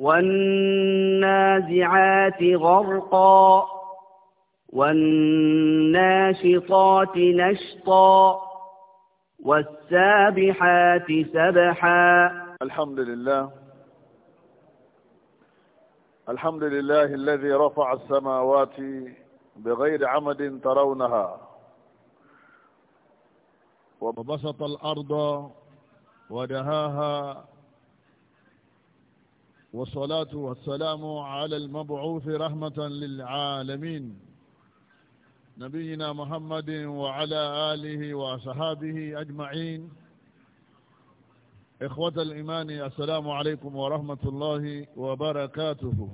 والنازعات غرقا والناشطات نشطا والسابحات سبحا الحمد لله الحمد لله الذي رفع السماوات بغير عمد ترونها وبسط الأرض ودهاها والصلاة والسلام على المبعوث رحمة للعالمين نبينا محمد وعلى آله وصحابه أجمعين إخوة الإيمان السلام عليكم ورحمة الله وبركاته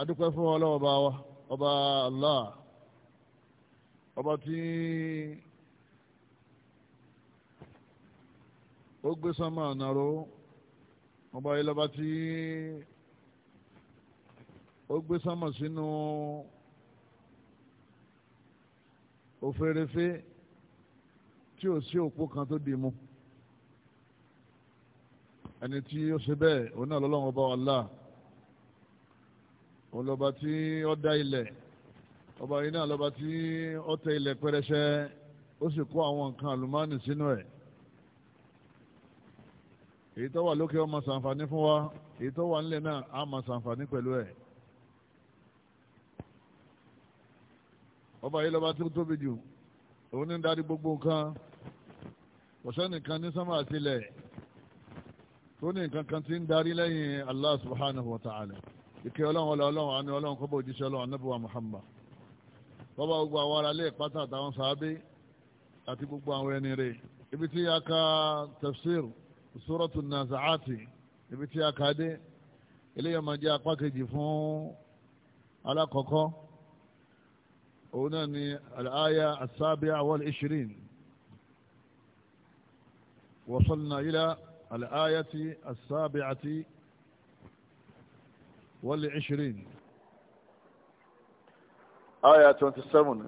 adúpẹ́ fún ọlọ́ọ̀bá wa ọba Allah ó gbé sánmà nàró ọba yìí lọ́ba tí ó gbé sánmà sínú òfèrèfé tí ò sí òpó kan tó dì mú ẹni tí ó ṣe bẹ́ẹ̀ òun náà lọ́lọ́run ọba Allah òun lọ́ba tí ó dá ilẹ̀ ọba yìí náà lọ́ba tí ó tẹ ilẹ̀ pẹrẹsẹ ó sì kó àwọn nǹkan àlùmọ́ọ́nì sínú ẹ̀ èyí tó wà lókè ọmọ sàǹfààní fún wa èyí tó wà nílẹ̀ náà á máa sàǹfààní pẹ̀lú ẹ̀. ọba yìí lọ́ba tó tóbi jù òun ní darí gbogbo nǹkan kọ̀sẹ́nìkan ní sánmà àtìlẹ̀ tó ní nǹkan kan ti ń darí lẹ́yìn Allah subhanahu wa ta'ala ìkẹ́ ọlọ́run ọlọ́run àni ọlọ́run kọ́bọ̀ òjíṣẹ́ ọlọ́run anábùwà Muhammad bọ́bá gbogbo àwọn ará ilé ìpátá àtàwọn sàábé àti gbogbo àwọn ẹni rẹ̀ ibi tí a ka tafsir sórọ́tù nazaati ibi tí a kà dé eléyà máa jẹ́ apá kejì fún alákọ̀ọ́kọ́ òun náà ni al-aya as-sabi'a wal-ishrin wasalna ila al-ayati as-sabi'ati wal-ishrin.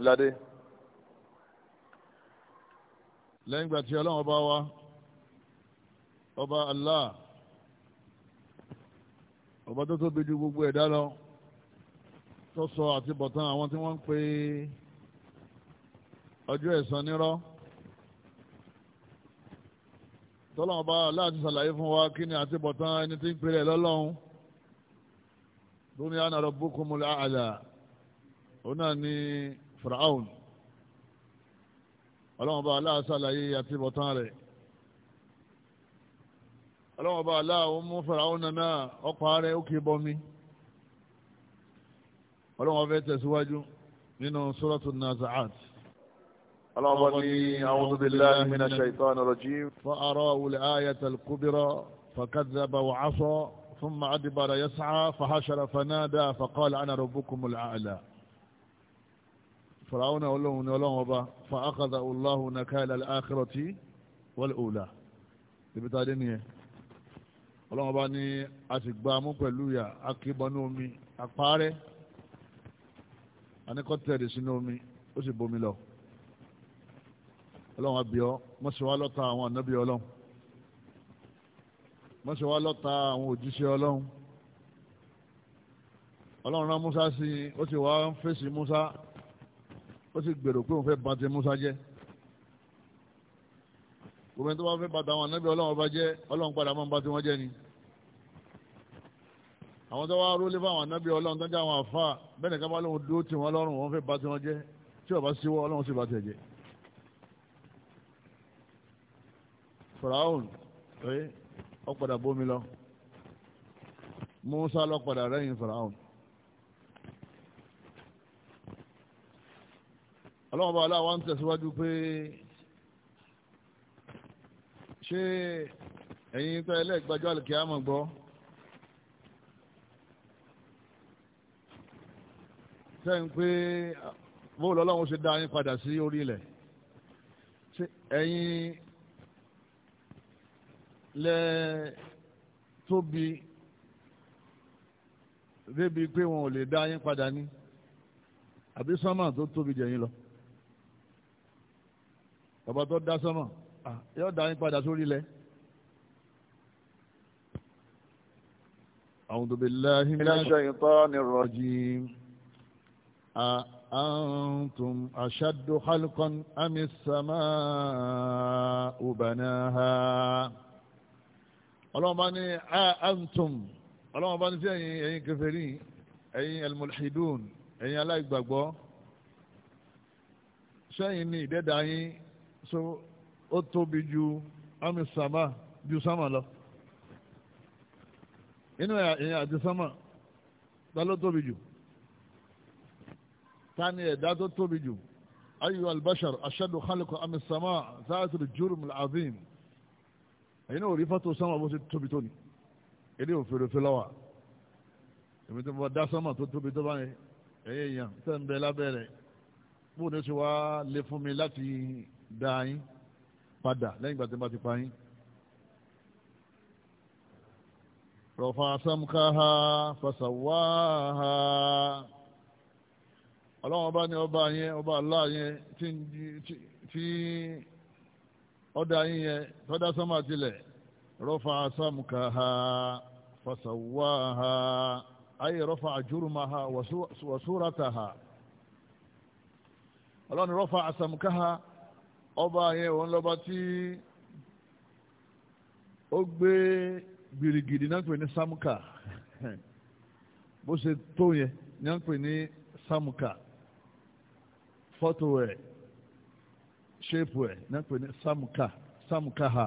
ládé. lẹ́yìn ìgbà tí ọlọ́run bá wá ọba allah ọba tó tóbi ju gbogbo ẹ̀dá lọ tó sọ àti bọ̀tán àwọn tí wọ́n ń pe ọjọ́ ẹ̀san nírọ́ tọ́lọ́ ọba allah ti ṣàlàyé fún wa kí ni àti bọ̀tán ẹni tí ń pèrè lọ́lọ́run lórí àná rabbukumul a'la òun náà ni firaun ọlọ́run ọba allah ṣàlàyé àti bọ̀tán rẹ̀ ọlọ́wọ́n bá aláwọ̀ mú faraó nana ọ̀pá rẹ̀ ó kì í bọ́mi ọlọ́wọ́n fẹ́ tẹ̀síwájú nínú sọ́rọ́tù nazaat. ọlọ́wọ́n ní a'udhu billahi minash shaitanir rajim. fa'arahu al-ayata al-kubra fakadhaba wa 'asa thumma adbara yas'a fahashara fanada faqala ana rabbukumul a'la. faraó náà ọlọ́wọ́n ní ọlọ́wọ́n ọlọ́wọ́n bá ní a sì gba mú pẹ̀lú ìyà akébọnú omi apárẹ́ anikọ́tẹ̀rì sínú omi ó sì bomi lọ ọlọ́wọ́n abiọ́ mọ́síwá lọ́ta àwọn ànábì ọlọ́run mọ́síwá lọ́ta àwọn òjíṣẹ́ ọlọ́run ọlọ́run rán Musa sí i ó sì wá ń fèsì Musa ó sì gbèrò pé òun fẹ́ bà ti Musa jẹ́ gbogbo ẹni tó bá fẹ́ bà tàwọn ànábì ọlọ́run ọba jẹ́ ọlọ́run padà máa ń bà ti wọ́n jẹ́ ni àwọn tó wá rólé fáwọn anábì ọlọ́run tó ń jẹ́ àwọn àfa bẹ́ẹ̀ nìkan bá lóun dúró tì wọ́n lọ́rùn wọ́n fẹ́ bà tiwọn jẹ́ tí ọba síwọ́ ọlọ́run sì bà tiẹ̀ jẹ́. faraon ẹ ọ̀padà bómi lọ musa lọ́padà rẹ́yìn faraon. ọlọ́run bá aláwa ń tẹ̀síwájú pé ṣé ẹ̀yin tó ẹlẹ́gbàjọ́ àlùkìyàmọ̀ gbọ́. sẹ́yìn pé bóòlù ọlọ́run ṣe dá yín padà sí orí ilẹ̀ ẹ̀yin lẹ tóbi débi pé wọn ò lè dá yín padà ní àbí sánmà tó tóbi jẹ̀yìn lọ bàbá tó dá sánmà yóò dá yín padà sórí ilẹ̀. أعوذ بالله من الشيطان الرجيم أأنتم أشد خلقا أم السماء بناها اللهم أني أأنتم اللهم أني في أي كفرين أي الملحدون أي لا يقبقوا sẹ́yìn ni ìdẹ́dà yín so ó tóbi ju ami sama ju sama lọ inú ẹ̀yìn àti sama ta ló tani ẹ̀dá tó tóbi jù ayu albashar ashadu khalqa ami sama zaatul jurm alazim èyí náà rí fọ́tò sánmà bó ṣe tóbi tó ni èdè òfèrèfé lọ́wọ́ èmi tó bọ́ dá sánmà tó tóbi tó bá yẹn ẹ̀yẹ èèyàn tẹ́ ń bẹ lábẹ́rẹ̀ bó ní ṣe wá lè fún mi láti dá yín padà lẹ́yìn ìgbà tí mo ti pa yín. rọ̀fà samkaha fasawaha. ọlọ́run ọba ní ọba yẹn ọba Allah yẹn tí ọ̀dà yín yẹn tọ́dá sọ́mà tilẹ̀ sàmùkà ha fàṣàwà ha ayé rọfa àjùrùmà ha ha ọlọ́run rọ́fà àsàmùkà ha ọba yẹn òun lọ́ba tí ó gbé gbìrìgìrì náà pè ní sàmùkà bó ṣe tó yẹn pè ní sàmùkà. fọ́tò ẹ̀ ṣéèpù ẹ̀ náà pè ní samuka samukaha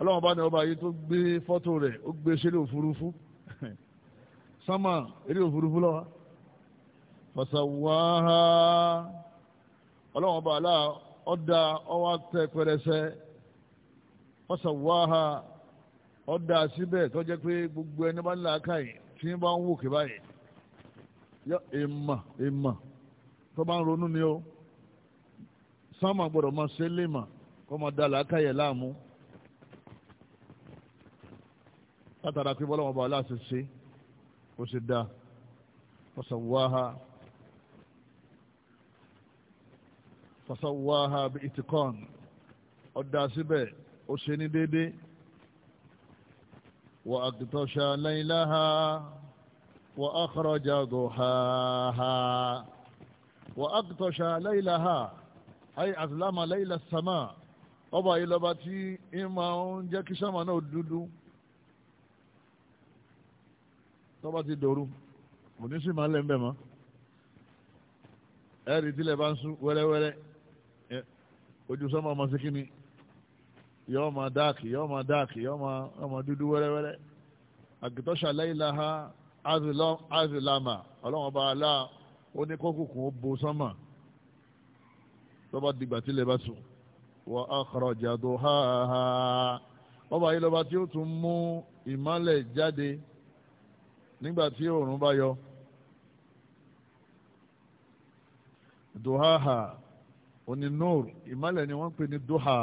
ọlọ́wọ́n bá ní ọba yìí tó gbé fọ́tò rẹ̀ ó gbé e sílé òfurufú sánmà eré òfurufú lọ́wọ́ fasawaha ọlọ́wọ́n bá aláà ọ̀dà ọwọ́ tẹ pẹrẹsẹ fasawaha ọ̀dà síbẹ̀ tó jẹ́ pé gbogbo ẹni bá ń là á káyìn tí ń bá ń wò kí báyìí yọ èèmà èèmà tó bá ń ronú ni ó sánmà gbọ́dọ̀ máa ṣe léèmà kó máa da làákàyè láàmú látara pé bọ́lá wọn bá aláṣẹ ṣe ó sì dá fasawaha fasawaha bi itikọ́n ọ̀dà síbẹ̀ ó ṣe ní déédéé wa aghtasha laylaha wa akhraja duhaha. وأغطش ليلها أي أظلم ليل السماء ọba yìí lọba tí ń máa ń jẹ́ kí sánmà náà dúdú tọ́ba ti dòru kò ní sí máa lẹ́ ń bẹ̀ mọ́ ẹ̀rì tílẹ̀ bá ń sún wẹ́rẹ́wẹ́rẹ́ ojú sánmà máa ṣe kíni yọ́ọ́ máa dáàkì yọ́ọ́ máa dáàkì yọ́ọ́ máa dúdú wẹ́rẹ́wẹ́rẹ́ àgìtọ́ṣà láìláha azìlámà ọlọ́wọ́n bá aláà ó ní kókùnkùn ó bo sánmà lọ́ba dìgbà tí ilẹ̀ bá sùn wa akhraja duhaha ọba yìí lọ́ba tí ó tún mú ìmọ́lẹ̀ jáde nígbà tí òòrùn bá yọ. duhaha oní nóòr ìmọ́lẹ̀ ni wọ́n ń pè ní duha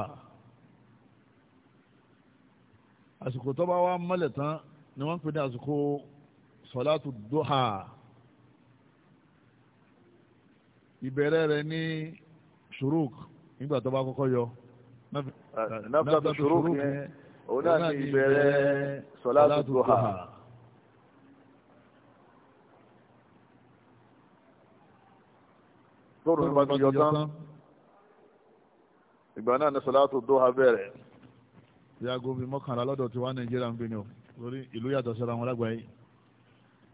àsìkò tó bá wá mọ́lẹ̀ tán ni wọ́n ń pè ní àsìkò duha. ìbẹ̀rẹ̀ rẹ̀ ní ṣùrùk nígbà tó bá kọ́kọ́ yọ. nafsatu ṣùrùk yẹn òun náà ní ìbẹ̀rẹ̀ sọ̀látù duha. tóòrù nípa ti yọ tán ìgbà náà ní sọ̀látù bẹ̀rẹ̀. mi mọ́kànlá lọ́dọ̀ tiwa nàìjíríà ń bínú lórí ìlú yàtọ̀ sọ́ra wọn lágbàáyé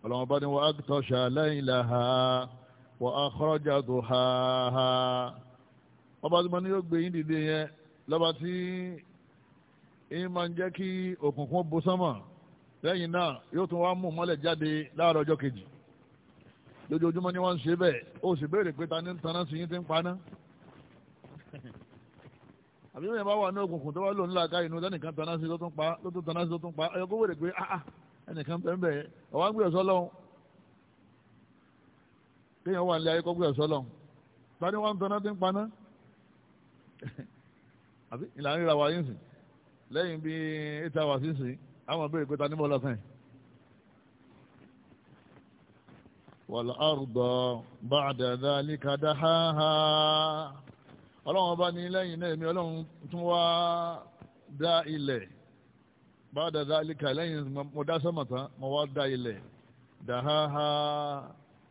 ọlọ́mọba ni wọ́n á tọ́ṣà wọ́n akọ́rọ́jà tó ha ha ọba tí mo ní yóò gbé yín dìde yẹn lọ́ba tí yín máa ń jẹ́ kí òkùnkùn bo sánmọ̀ lẹ́yìn náà yóò tún wá mú mọ́lẹ̀ jáde láàárọ̀ ọjọ́ kejì lójoojúmọ́ ni wọ́n ń ṣe bẹ́ẹ̀ ó sì béèrè pé ta ni ń taná sí yín ti ń paná àbí yóò yẹn bá wà ní òkùnkùn tó wá lò ńlá ká inú lẹ́nìkan taná sí tó tún pa tó wèrè pé ah, ah ẹnìkan bẹ́ẹ̀ bẹ́ẹ̀ ọ̀wá ń kéèyàn wà nílé ayé kọ́gbé ẹ̀sọ́ lọ tani wọn tọ́ná tí ń paná àbí ìlànà ìràwọ̀ ayé ń sìn lẹ́yìn bíi eight hours ń àwọn ìbéèrè pé tani bọ́ọ̀lù ọ̀sán wàlá àrùbọ̀ bá àdàdà níkadà háhá ọlọ́run ọba ní lẹ́yìn náà èmi ọlọ́run tún wá dá ilẹ̀ bá àdàdà níkà lẹ́yìn mo dá sọ́mọ̀tán mo wá dá ilẹ̀ dàháhá.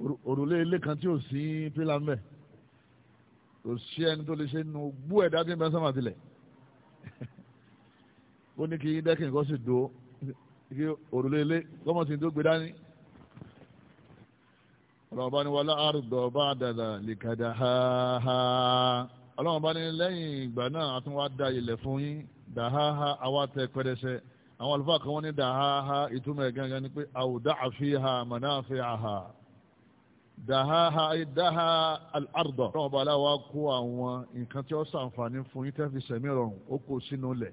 òrùlé ilé kan tí ò sí pílà ń bẹ̀ kò sí ẹni tó lè ṣe nu gbú ẹ̀dá tí ń bẹ sọ́mà tilẹ̀ ó ní kí dẹ́kìn kọ́ sì dúró kí òrùlé ilé gọ́mọ̀sí tó gbé dání ọlọ́run bá ní wọlé àrùdọ̀ bá dàda lìkàdà háhá ọlọ́run bá ní lẹ́yìn ìgbà náà a tún wá da ilẹ̀ fún yín dàháhá àwa tẹ pẹrẹsẹ àwọn àlùfáà kan wọ́n ní dàháhá ìtumọ̀ ẹ̀ gangan ni pé àwùdá àfihàn mọ̀nà àfihàn dàhà dàhà ọba aláwa kó àwọn nǹkan tí ó sàǹfààní fún yín tẹ́fì sẹ̀mí rọrùn ó kó sínú ilẹ̀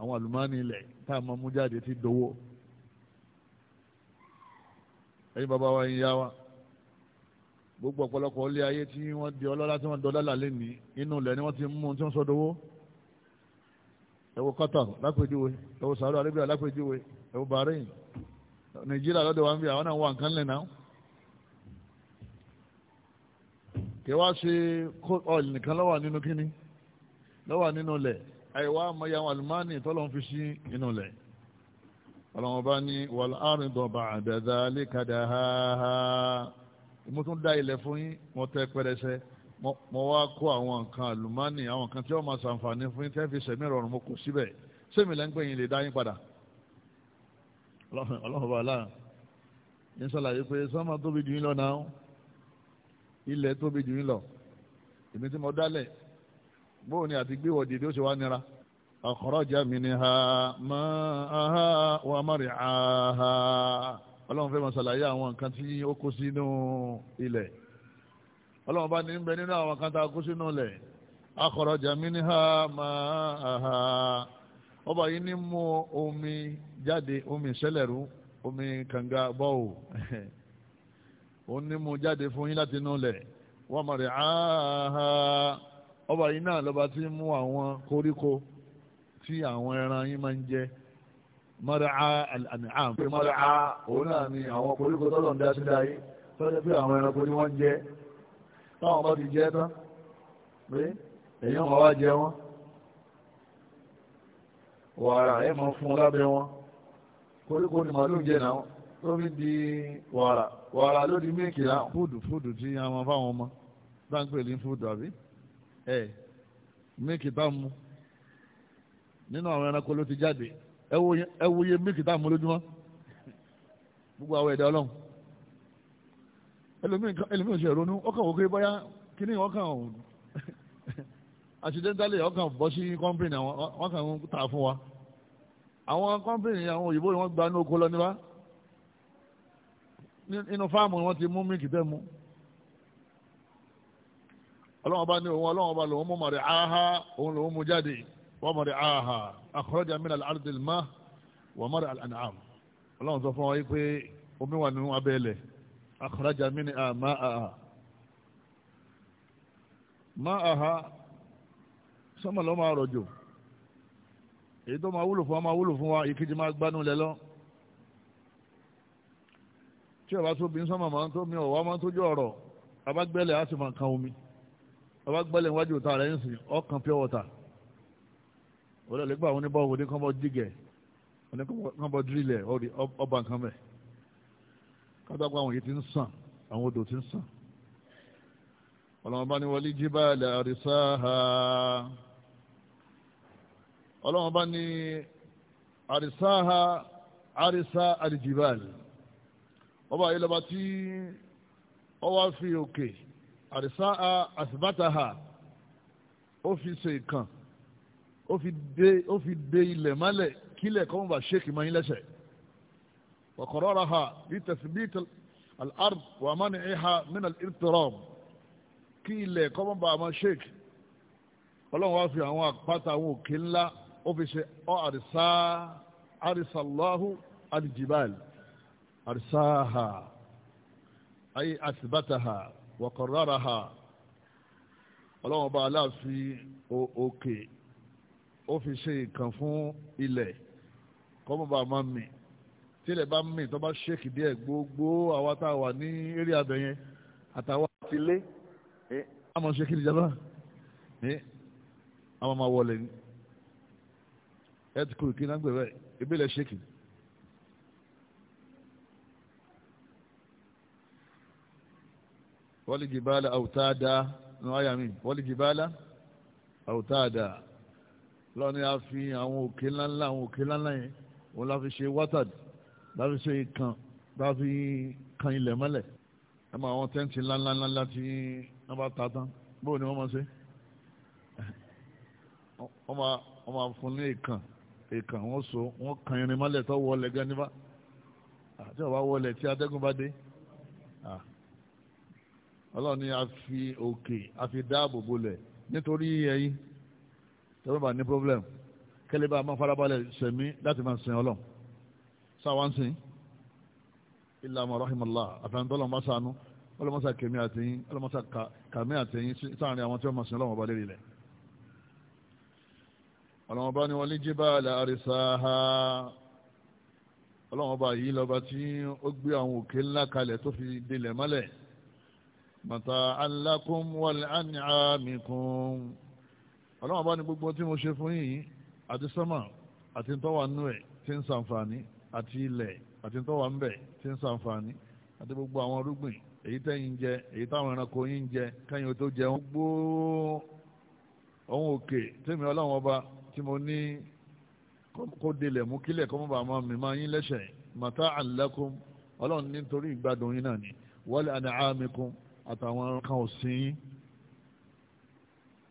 àwọn àlùmọ́ọ́nì ilẹ̀ tá a máa mú jáde ti dowó. ẹ̀yin bàbá wa yín wa gbogbo ọ̀pọ̀lọpọ̀ ilé ayé tí wọ́n di ọlọ́lá tí wọ́n dọ́lá lálẹ́ ní inú ilẹ̀ ni wọ́n ti mú tí wọ́n sọ dowó ẹ wo Qatar lápèjúwe ẹ wo Saudi Arabia lápèjúwe ẹ wo Bahrain Nàìjíríà lọ́dọ̀ wa ń bí àwọn náà kì í wá ṣe ọ̀lì nìkan ló wà nínú kínní ló wà nínú lẹ̀ àìwá mọ̀yà àwọn àlùmánì tọ́lọ́run fi sí inú lẹ̀ ọlọ́run bá ní wàlá àrùn dọ̀bà àdàdà lẹ́kadà háhá mo tún dá ilẹ̀ fún yín mo tẹ́ pẹrẹsẹ mo wá kó àwọn nǹkan àlùmánì àwọn nǹkan tí wọ́n máa ṣàǹfààní fún yín tẹ́ fi sẹ̀mí rọrùn mo kò síbẹ̀ sẹ́mi lẹ́ngbẹ̀yìn lè dá yín padà ọlọ́run bá láà ń sọ̀làyé pé sọ́mà tóbi jù ilẹ̀ tóbi jù yín lọ èmi tí mo dálẹ̀ bóun ni àti gbéwọ̀ dìde ó ṣe wá nira ha minha ma'aha wa mar'aha ọlọ́run fẹ́ máa ṣàlàyé àwọn nǹkan tí ó kó sínú ilẹ̀ ọlọ́run bá ní ń bẹ nínú àwọn nǹkan tá a kó sínú ilẹ̀ akhraja minha ma'aha ọba yìí ní mú omi jáde omi ìṣẹ̀lẹ̀rú omi kànga bọ́ọ̀ òun ní mú jáde fún yín láti inú lẹ̀ wọ́n mọ̀ rẹ̀ áhà ọba yìí náà lọ́ba tí mú àwọn koríko tí àwọn ẹran yín máa ń jẹ mọ̀rẹ̀ á àmì pé mọ̀rẹ̀ á òun náà ni àwọn koríko tọ́lọ̀ ń dá sí dáyé tọ́jú pé àwọn ẹranko ni wọ́n ń jẹ táwọn bá ti jẹ tán pé èyí ọmọ wa jẹ wọn wàrà ẹ fún ni di wàrà ló di mílìkì rà. fúdù fúdù tí a máa fáwọn ọmọ bá ń pè ní fúdù àbí ẹ mílìkì tá a mú nínú àwọn ẹranko ló ti jáde ẹ wo iye mílìkì tá a mú lójúmọ́ gbogbo àwọn ẹ̀dá ọlọ́run ẹlòmíràn ṣe ronú ọkàn wò pé bóyá kíní ọkàn accidentally ọkàn bọ́ sí kọ́mpìnì àwọn ọkàn ń ta fún wa àwọn kọ́mpìnì àwọn òyìnbó ni wọ́n gba ní oko lọ níwá nínú fáàmù wọn ti mú mílìkì tẹ́ mu ọlọ́wọ́n bá ní òun ọlọ́wọ́n bá lòun mú mọ̀rẹ̀ áhá òun lòun mú jáde wọ́n mọ̀rẹ̀ áhá akhraja min al-ardi al-ma wa mar'a al-an'am ọlọ́wọ́n sọ fún wa pé omi wà nínú abẹ́lẹ̀ akhraja min àmà àhà má àhà sọ́mọ̀ máa rọ̀jò èyí tó máa wúlò fún wa máa wúlò fún wa ìkejì máa gbánú lẹ́ tí ọba tó bí sọ́mọ̀ máa ń tó mi ọ̀wá máa ń tójú ọ̀rọ̀ abágbẹ́lẹ̀ á sì máa kan omi abágbẹ́lẹ̀ iwájú òta rẹ̀ ń sìn ọkàn pure water òun wọn ní bọ́ọ̀wù ní kọ́mọ dígẹ̀ ní ọba nǹkan ti ń sàn àwọn odò ti ń sàn ha ọba yìí lọ́ba tí ọwọ́ fi òkè àdìsá àsìbátàhà ó fi ṣe ìkàn ó fi dé ó fi dé ilẹ̀ mọ́lẹ̀ kílẹ̀ kọ́mọ́ bá ṣéèkì mọ́ yín lẹ́sẹ̀ wàkọ̀rọ̀ ra ha bí tẹ̀sibítì al wà má ní ìhà mínà ìtọ́rọ̀m kí ilẹ̀ kọ́mọ́ bá ma ṣéèkì ọlọ́run wá fi àwọn àpáta àwọn òkè ńlá ó fi ṣe ọ́ àdìsá àdìsá lọ́hù àdìjìbáàlì. أرساها أي أثبتها وقررها ọlọ́wọ́n bá aláàfi òkè ó fi ṣe nǹkan fún ilẹ̀ kọ́mọba máa mì tílẹ̀ bá mì tó bá ṣèkì díẹ̀ gbogbo àwa tá a wà ní eré abẹ̀yẹn àtàwọn àti ilé àmọ́ ṣe kí ni jaba àmọ́ máa wọlé ní ẹ̀ ti kú kí náà gbẹ̀rẹ̀ ìbílẹ̀ ṣèkì. wal jibala awtada ní wáyà mi wal jibala awtada lọ́ni a fi àwọn òkè ńláńlá àwọn òkè ńláńlá yẹn òun la fi ṣe wátàd la fi ṣe kan la fi kan ilẹ̀ mọ́lẹ̀ ẹ máa wọn tẹ́ǹtì ńláńláńlá tí wọ́n bá ta tán bóun ni wọ́n máa ṣe wọ́n máa fún ní ìkàn ìkàn wọ́n so wọ́n kan irin mọ́lẹ̀ tó wọlé gan níbà àti ọ̀bá wọlé tí adẹ́gùn bá dé ọlọ́run ni a fi òkè a fi dáàbò bolẹ̀ nítorí ẹ̀yin tẹ́wọ́n bá ní problem kẹ́lẹ́ bá a máa farabalẹ̀ sẹ̀mí láti máa sìn ọlọ́run sáwọn sìn ilà àmọ́ rahimahulá àfẹnudọ́lọ́ máa sànú ọlọ́mọsà kẹ̀mí àtẹ̀yìn ọlọ́mọsà kàmí àtẹ̀yìn sáàrin àwọn tí wọ́n máa sìn ọlọ́run ọba lérí rẹ̀ ọlọ́run ọba ni wọ́n lé jíbá àlẹ́ àrísáhá ọlọ́run ọba yìí lọ́ba tí ó gbé àwọn òkè ńlá kalẹ̀ tó fi dilẹ̀ mọ́lẹ̀ mata'an lakum wa li'an'amikum ọlọ́wọ́n bá ní gbogbo tí mo ṣe fún yìí àti sọ́mà àti tọ́wà nú ẹ̀ tí ń sàǹfààní àti ilẹ̀ àti tọ́wà ń bẹ̀ tí ń sàǹfààní àti gbogbo àwọn irúgbìn èyí tẹ́yìn jẹ èyí táwọn ẹranko yín jẹ kẹ́yìn tó jẹ wọn gbó ohun òkè tèmi ọlọ́wọ́n ọba tí mo ní kó delẹ̀ mú kílẹ̀ kó mọ̀ bá máa mi máa yín lẹ́sẹ̀ mata'an lakum ọlọ́run nítorí ìgbádùn yín náà ni wa li'an'amikum àtàwọn kan ọ̀sìn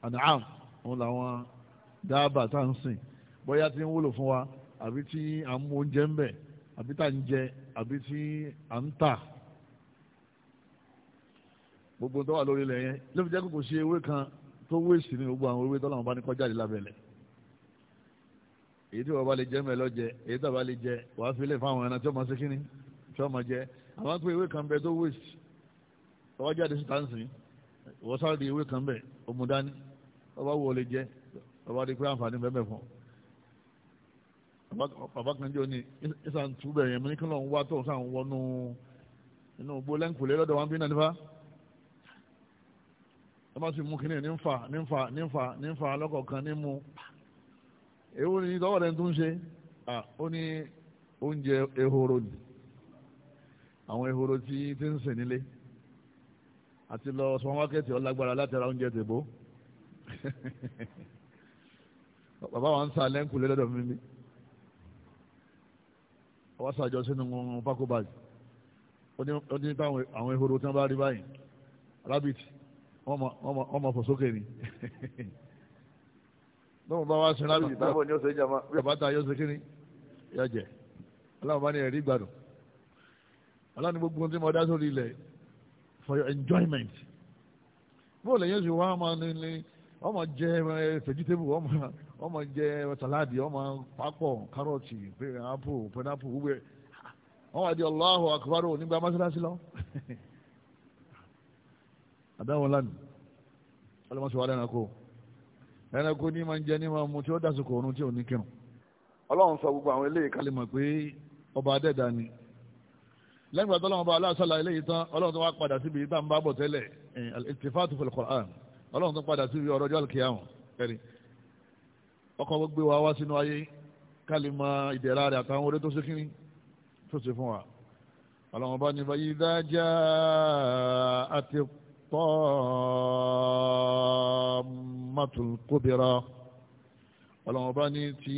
àdáàm òun làwọn dáàbà tá à ń sìn bóyá tí ń wúlò fún wa àbí tí à ń mú oúnjẹ ń bẹ̀ àbí tá à ń jẹ àbí tí à ń tà gbogbo tó wà lórí ilẹ̀ yẹn ló fi jẹ́ kó kò ṣe ewé kan tó wéèsì ní gbogbo àwọn ewé tó làwọn bá ní kọjá lè lábẹ́lẹ̀ èyí tí wọ́n bá lè jẹ́ mẹ́ lọ́jẹ èyí tí wọ́n bá lè jẹ wàá fi lè fáwọn ẹran tí wọ́n máa ṣe kínní tí wọ́n máa jẹ àwọn pé ewé kan bẹ tó wéèsì ọwọ́ jáde síta ń sìn ìwọ sáré di ewé kan bẹ̀ òmùdání ọba wo lè jẹ ọba di pé àǹfààní bẹ́ẹ̀ bẹ́ẹ̀ fún bàbá kan jẹ́ òní ìsàn túbẹ̀ yẹn mi ní kí lóun wá tó sàn wọnú inú gbó lẹ́ńkùlé lọ́dọ̀ wọn bí náà nípa ẹ má sì mú kínní ní nfa ní nfa ní nfa ní nfa lọ́kọ̀ọ̀kan ní mú èwo ni tọ́wọ́ rẹ̀ tó ń ṣe ó ní oúnjẹ ehoro ni àwọn ehoro tí ti ń sìn nílé àti lọ sọmọkẹ́tì ọlágbára láti ra oúnjẹ tèbó bàbá wa ń sa lẹ́ńkù lẹ́dọ̀ mi ni wọ́n sàjọ sínú pákó báyìí ó ní báwọn àwọn ehoro tí wọ́n bá rí báyìí rabbit wọ́n mọ̀ fò sókè ni báwọn bá wá sin rabbit ni ó ṣe jàmá bí bàbá ta yóò ṣe kí ni yóò jẹ aláwọ̀ bá ní ẹ̀rí gbàdùn aláwọ̀ ní gbogbo ohun tí mo dá sórí ilẹ̀ yìí for your enjoyment bóò lẹ́yìn oṣù wa máa ní ní ọmọ jẹ eh, vegetable ọmọ ọmọ jẹ saladi ọmọ pápọ̀ kárọ̀tì apple pineapple wúwẹ́ ọmọ àti Allahu akbar nígbà mọ́sálásí lọ àdáwọn lánàá ọlọ́mọṣẹ́ wa lẹ́nu kó ẹranko ní máa ń jẹ ní máa mu tí ó dásìkò ọ̀run tí ò ní kírun ọlọ́run sọ gbogbo àwọn eléyìí kálí mọ̀ pé ọba adẹ́dá ni lẹ́yìn ìgbà tọ́lọ́mọba aláṣàlà eléyìí tán ọlọ́run tó wá padà síbi ìta ń bá bọ̀ tẹ́lẹ̀ ìtìfáàtù eh, fil Qur'an ọlọ́run tó padà síbi ọ̀rọ̀ ọjọ́ àlùkìyàmù ẹ̀rí ọkọ̀ gbogbo wa wá sínú ayé kálí ma ìdẹ̀ra rẹ̀ àtàwọn orí tó ṣe kíní tó ṣe fún wa ọlọ́run bá ní bá yí dájá àti tọ́ọ̀mọ́tún kóbìrọ ọlọ́run bá ní ti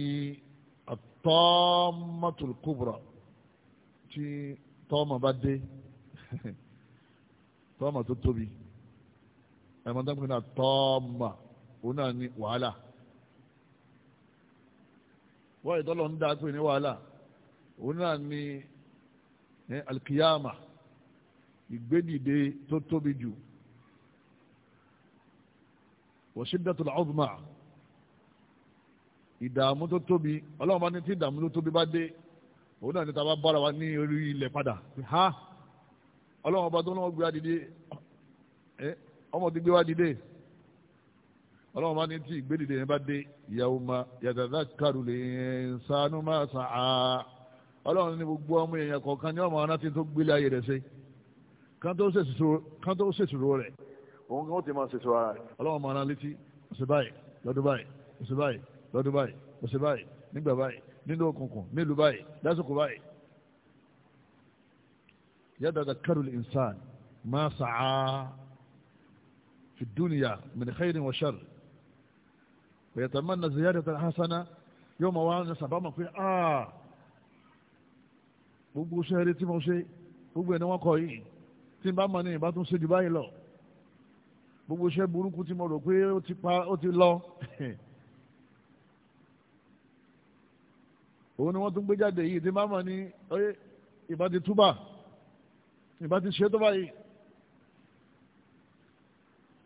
tọ́ọ̀mọ́tún kóbìrọ ti tọ́ọ̀mọ̀ bá dé tọ́ọ̀mọ̀ tó tóbi ẹ̀mọ́ tó ń pè náà tọ́ọ̀mọ̀ òun náà ní wàhálà wọ́n ìtọ́lọ̀ ń dá pé ní wàhálà òun náà ní alkiyama ìgbédìde tó tóbi jù washiddatul uzma ìdààmú tó tóbi ọlọ́run bá ní tí ìdààmú tó tóbi bá dé. òun náà ni ta bá bára wa ní orí ilẹ̀ padà ha ọlọ́run ọba tó náà gbé wa dìde ọmọ ti gbé wa dìde ọlọ́run ọba ní tí gbé dìde yẹn bá dé yawma ma sa'a ọlọ́run ní gbogbo ọmọ èèyàn kọ̀ọ̀kan ní ọmọ anáti tó gbélé ayé rẹ̀ ṣe kan tó rẹ̀ òun kan ó ti máa ara rẹ̀ ọlọ́run ọ̀sẹ̀ báyìí lọ́dún nínú òkùnkùn nílùú báyìí lásìkò báyìí yatadhakkaru al-insan ma sa'a fi dunya min khairin wa sharr wa yatamanna ziyadata al-hasana yóò máa wá ní sàbámọ̀ pé ah, gbogbo sẹ́ẹ̀rẹ́ tí mo ṣe gbogbo ẹ̀ ni wọ́n kọ yìí tí n bá mọ̀ ní ìbá tún ṣe jù báyìí lọ gbogbo iṣẹ́ burúkú tí mo rò pé ó ti lọ òun ni wọ́n tún gbé jáde yìí tí máma ní ọyẹ ìbá ti túbà ìbá ti ṣe tó báyìí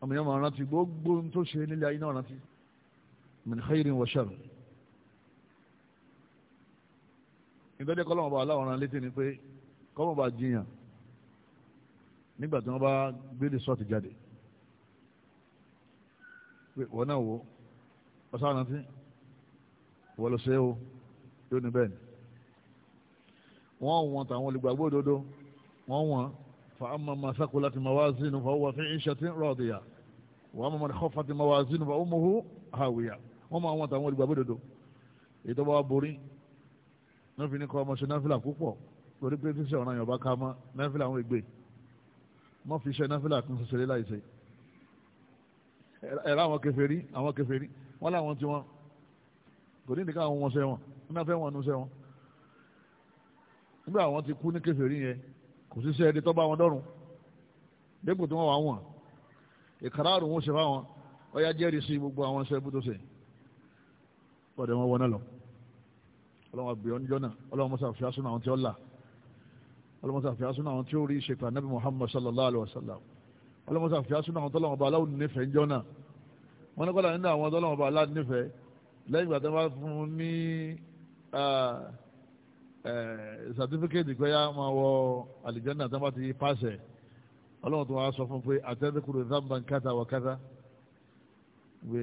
àmì yẹn máa rántí gbogbo tó ṣe nílé ayé náà rántí min khairin wa sharr ìdọ́jẹ́ kọ́lọ́mọba aláwọ̀ràn létí ni pé kọ́mọba jiyàn nígbà tí wọ́n bá gbé rìsọ́ọ̀tì jáde wọ́n náà wò ọ̀sán rántí wọ́n lọ ṣe o yóò ní bẹ́ẹ̀ ni wọ́n wọ̀n tàwọn olùgbàgbọ́ òdodo wọ́n wọ̀n fa amma ma sakulat mawazinu fa huwa fi ishatin radiya wa amma man khaffat mawazinu fa ummuhu hawiya wọ́n máa wọ̀n tàwọn olùgbàgbọ́ òdodo èyí tó bá wà borí náà fi ní kọ́ ọmọ ṣe náfìlà púpọ̀ lórí pé tíṣẹ́ ọ̀ràn yọ̀bá ká mọ́ náfìlà àwọn ègbè mọ́ fi ṣe náfìlà kún ṣoṣere láìsẹ̀ ẹ̀rọ àwọn kèfèrí àwọn kèfèrí wọ́n láwọn tí wọ́n kò ní nìkan àwọn wọn sẹ́wọ̀n wọn náà fẹ́ wọn nu sẹ́wọ̀n nígbà àwọn ti kú ní kèfèrí yẹn kò sí sẹ́ ẹni tó wọn dọ́rùn dépò tí wọ́n wà wọ́n ìkàràrùn wọn ṣe fáwọn ọyá jẹ́rìí sí gbogbo àwọn sẹ́ẹ̀bù tó sẹ́ẹ̀ ọ̀dẹ̀ wọn wọná lọ ọlọ́wọ́n àbí ọ̀njọ́ náà ọlọ́wọ́n mọ́sá àfihàn àwọn tí ó là ọlọ́wọ́n mọ́sá àfihàn àwọn tí ó rí ìṣèpà nàbí Muhammad sallallahu lẹ́yìn ìgbà tó bá fún un ní sàtífíkẹ́tì pé yá máa wọ àlìjẹ́nà tó bá ti pàṣẹ ọlọ́run tó wá sọ fún un pé àtẹ́dẹ́kùrú zamban kátà wà kátà wé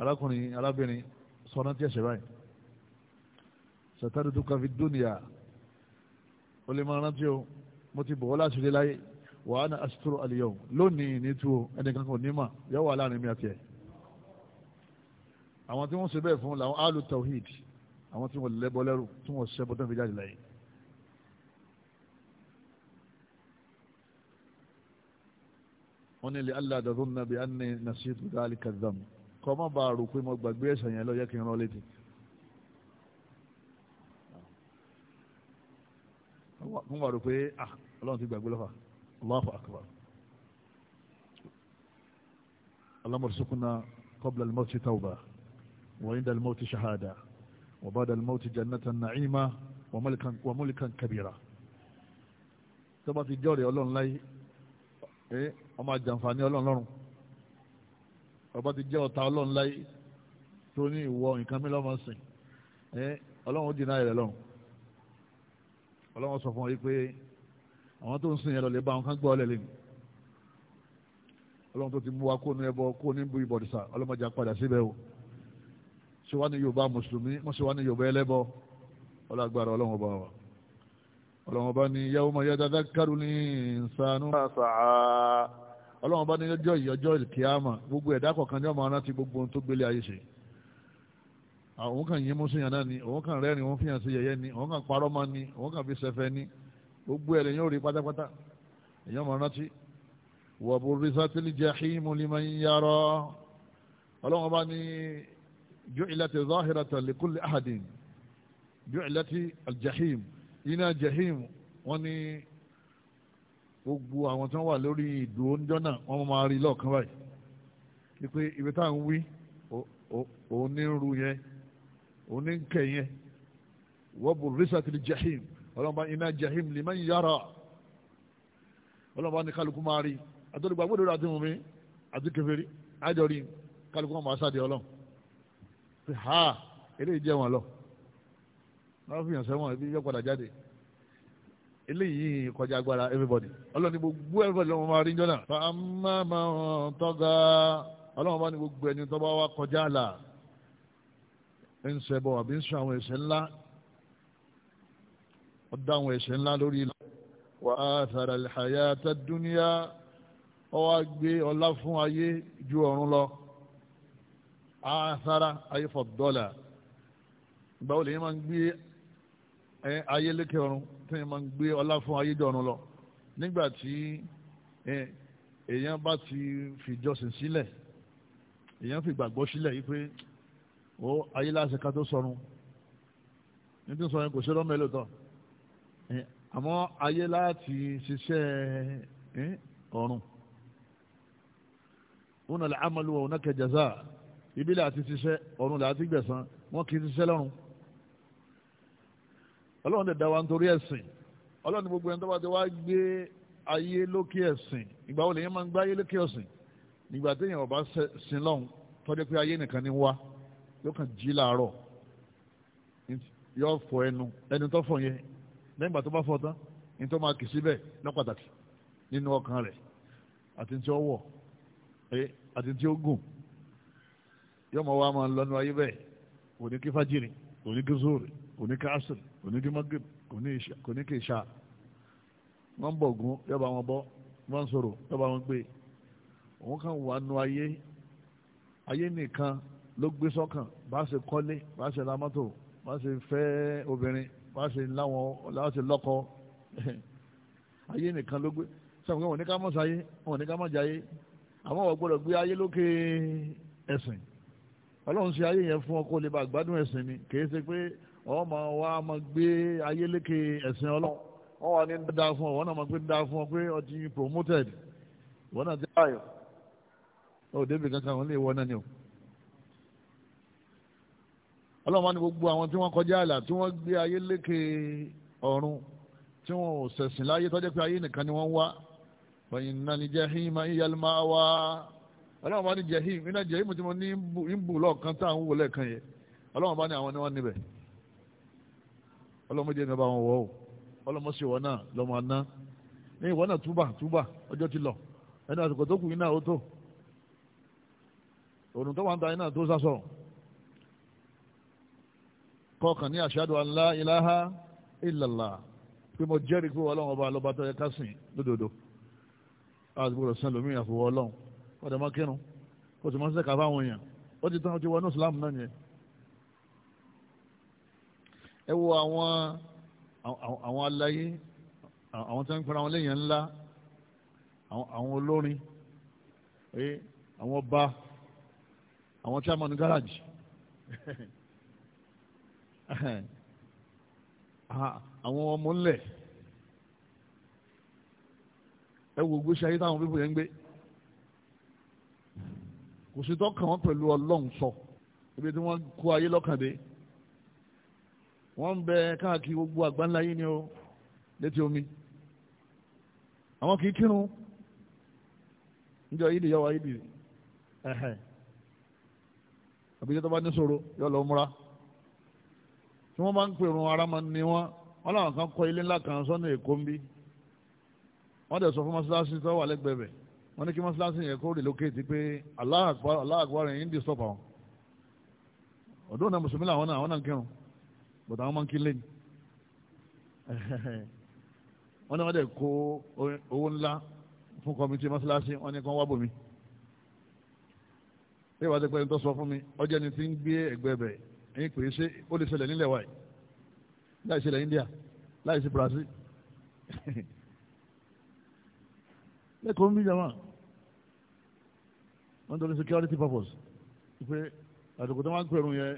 arákùnrin arábìnrin sọ́nà tí ẹ ṣe báyìí sàtàdé tó kàfi dúnìyà ó lè máa rántí o mo ti bọ̀ wọ́n láṣìírí láyé wàhánà asitúrò àlìyọ̀ lónìí ní tu ẹnìkan kò ní mà yọ wà láàrin mi àti ẹ̀ àwọn tí wọ́n ṣe bẹ́ẹ̀ fún làwọn alu tawhid àwọn tí wọ́n lẹ́bọ lẹ́rù tí wọ́n ṣẹ́bọ tó fi jáde láyé. wọ́n ní lè allah dàdún nàbí anni nasiru dali kadam kọ́ má bàa rò pé mo gbàgbé ẹ̀sẹ̀ yẹn lọ yẹ kí n rán létí. wọ́n wà rò pé ah ọlọ́run ti gbàgbé lọ́fà Allahu akbar. اللهم ارزقنا قبل الموت توبه وعند الموت شهادة وبعد الموت جنة نعيمة وملكا, وملكا كبيرا تبا في جوري أولون لاي إيه أما جنفاني أولون لون ọba ti jẹ́ ọ̀tá ọlọ́run láyé tó ní ìwọ nǹkan mi lọ́mọ sìn ẹ́ ọlọ́run dìnnà rẹ̀ lọ́run ọlọ́run sọ fún ọ yìí pé àwọn tó ń sìn yẹn lọ́lẹ̀ bá wọn kán gbọ́ ọlẹ́ lẹ́nu ọlọ́run tó ti mú wa kó nu ẹbọ kó ní bu ìbọ̀dìsà ọlọ́mọdé apàdà síbẹ̀ o ṣe wá ní yorùbá mùsùlùmí wọ́n ṣe wá ní yorùbá ẹlẹ́bọ ọlágbára ọlọ́run ọba wa ọlọ́run ọba ní yawma yatadhakkaru l-insanu sàá ọlọ́run ọba ní ọjọ́ yìí ọjọ́ kíyámà gbogbo ẹ̀dá kọ̀ọ̀kan ní ọmọ aná ti gbogbo ohun tó gbélé ayé ṣe àwọn kan yín mọ́sùn yàn náà ni àwọn kan rẹ́rìn wọn fìyàn sí yẹ̀yẹ́ ni àwọn kan parọ́ máa ni àwọn kan fi sẹ̀fẹ̀ ni gbogbo ẹ̀ lẹ́yìn rí pátápátá èèyàn máa rántí wa burrizatil jahimu liman yara ọlọ́run ọba ní ju'ilati zahiratan li kulli ahadin الجحيم إنا جحيم jahim wọ́n ní gbogbo àwọn tí wọ́n wà lórí ìdúró ń jọ́nà wọ́n máa rí lọ́ọ̀kan báyìí wípé ibi táà ń wí òun ní ń ru yẹn òun ní ń kẹ̀ yẹn wa burrisatil jahim ọlọ́mọba iná jahim liman yara ọlọ́mọba ní kálukú máa rí àtọ́lùgbà gbọ́dọ̀ àti mùmí àti kèfèrí àjọrí kálukú máa sáde ọlọ́run pé ha eléyìí jẹ́ wọn lọ wọ́n fi hàn sẹ́wọ̀n ibi yóò padà jáde eléyìí kọjá agbára everybody ọlọ́ni gbogbo everybody lọ́wọ́ máa rí jọ́nà. fàámà máa ń tọ́ga ọlọ́wọ́n bá ní gbogbo ẹni tó bá wá kọjá àlà ń ṣẹbọ àbí ń sọ àwọn ẹ̀ṣẹ̀ ńlá ó dá àwọn ẹ̀ṣẹ̀ ńlá lórí ilẹ̀. wà á sàrà àyà tá dúníyà ọ wá gbé ọlá fún ayé ju ọ̀run lọ àhárá ayé fọ̀dọ́là ìgbà wo lèyìn máa ń gbé ayé lékè ọ̀run tí wọ́n máa ń gbé ọlá fún ayé dọ̀run lọ nígbà tí èèyàn bá ti fìjọsìn sílẹ̀ èèyàn fi gbàgbọ́ sílẹ̀ yìí pé ó ayé láṣẹ ká tó sọrun nítorí sọ yẹn kò ṣe lọ́mọ ẹlòtọ́ àmọ́ ayé láti ṣiṣẹ́ ọ̀run òun náà amalu wa òun náà kẹjẹ ibi là ti ṣiṣẹ́ ọ̀run là ti gbẹ̀san wọn kì í ṣiṣẹ́ lọ́run ọlọ́run dẹ̀ dá wa nítorí ẹ̀sìn ọlọ́run gbogbo ẹni tó bá ti wá gbé ayé lókè ẹ̀sìn ìgbà wo lèyìn máa ń gbé ayé lókè ẹ̀sìn nígbà téèyàn ọba sin lọ́run tọ́jú pé ayé nìkan ní wá yóò kàn jí làárọ̀ yóò fọ ẹnu ẹni tó fọ yẹn lẹ́yìn ìgbà tó bá fọ tán ní tó máa kì síbẹ̀ lọ́ pàtàkì nínú ọkàn rẹ̀ àti tí ó àti tí ó yóò mọ wá máa ń lọ́nu ayé bẹ́ẹ̀ kò ní kí fájìrì kò ní kí zúrì kò ní kí asìrì kò ní kí magrib kò ní kí ìṣá wọ́n ń bọ̀ ògún yóò bá wọn bọ́ wọ́n ń sọ̀rọ̀ yóò bá wọn gbé òun kàn wà nu ayé ayé nìkan ló gbé sọ́kàn bá ṣe kọ́lé bá ṣe ra mọ́tò bá ṣe fẹ́ obìnrin bá ṣe láwọn láṣẹ lọ́kọ ayé nìkan ló gbé sọ̀rọ̀ wọn ní ká mọ̀ sáyé wọn ní ká mọ̀ jáyé àwọn ò gbọ́dọ̀ gbé ayé lókè ẹ̀sìn ọlọ́run ṣe ayé yẹn fún ọ kó lè bá gbádùn ẹ̀sìn mi kì í ṣe pé ọmọ wa máa gbé ayé ẹ̀sìn ọlọ́run wọ́n wà ní dáa fún ọ wọ́n náà máa gbé dáa fún ọ pé ọ ti promoted wọ́n náà ti báyọ̀ ó débi kankan wọn lè wọ náà ni o. ọlọ́run wa ní gbogbo àwọn tí wọ́n kọjá àlà tí wọ́n gbé ayé ọ̀run tí wọ́n ò ṣẹ̀sìn láyé tọ́jú pé ayé nìkan ni wọ́n wá ọlọ́run bá ní jahim iná jahim tí mo ní ń bù lọ́ọ̀kan tá à ń wò lẹ́ẹ̀kan yẹ ọlọ́run bá ní àwọn ni wọ́n níbẹ̀ ọlọ́run méjì ní ọba wọn wọ́ o ọlọ́run sì wọ́n náà lọ́mọ aná ní ìwọ náà túbà túbà ọjọ́ ti lọ ẹni àsìkò tó kù iná ó tó òrùn tó wà ń ta iná tó sásọ kọkàn ní ashadu an la ilaha pé mo jẹ́rìí pé ọlọ́run ọba lọ́ba tó yẹ ká sìn lódodo ọ̀dọ̀ máa kírun kò sì máa ń sẹ́ka fáwọn èèyàn ó ti tán ó ti wọnú Islam náà yẹn. ẹ wo àwọn àwọn aláyé àwọn tí wọ́n ń pera wọn léèyàn ńlá àwọn olórin àwọn ọba àwọn chairman garage àwọn ọmọ ńlẹ̀ ẹ wo gbèsè ayé táwọn pípọ̀ yẹn ń gbé kò sí tọ́kàn wọn pẹ̀lú ọlọ́run sọ ibi tí wọ́n kó ayé lọ́kàndé wọ́n ń bẹ káàkiri gbogbo àgbáńlá ni ó létí omi àwọn kì í kírun níjọ yìí nìyọ wa yìí nìyí ẹ̀hẹ̀ àbíjọ́ tó bá ní sòro yọ lọ múra tí wọ́n bá ń pèrún ara máa ní wọn wọ́n làwọn kan kọ́ ilé ńlá kan sọ́nà èkó ń bí wọ́n dẹ̀ sọ fún mọ́ṣáláṣí tó wà lẹ́gbẹ̀ẹ́ bẹ̀ wọ́n ní kí mọ́sálásí yẹn kó relocate pé Allahu Akbar Allahu Akbar rẹ̀ yín disturb àwọn ọ̀dọ́ náà mùsùlùmí làwọn náà àwọn náà ń kírun bọ̀dọ̀ àwọn máa ń kí lẹ́yìn wọ́n ní wọ́n dẹ̀ kó owó ńlá fún kọ́mítì mọ́sálásí wọ́n ní kí wọ́n wá bòmí ẹ wá dẹ́gbẹ́ tó sọ fún mi ọjọ́ ni ti ń gbé ẹgbẹ́ bẹ̀ ẹ̀yìn pé ṣé ó lè ṣẹlẹ̀ nílẹ̀ wáyé láì ṣẹlẹ̀ India láì sí Brazil lẹ́kọ̀ọ́ ń bí wọ́n tó ní security purpose pé àdùkù tó máa ń pèrún yẹn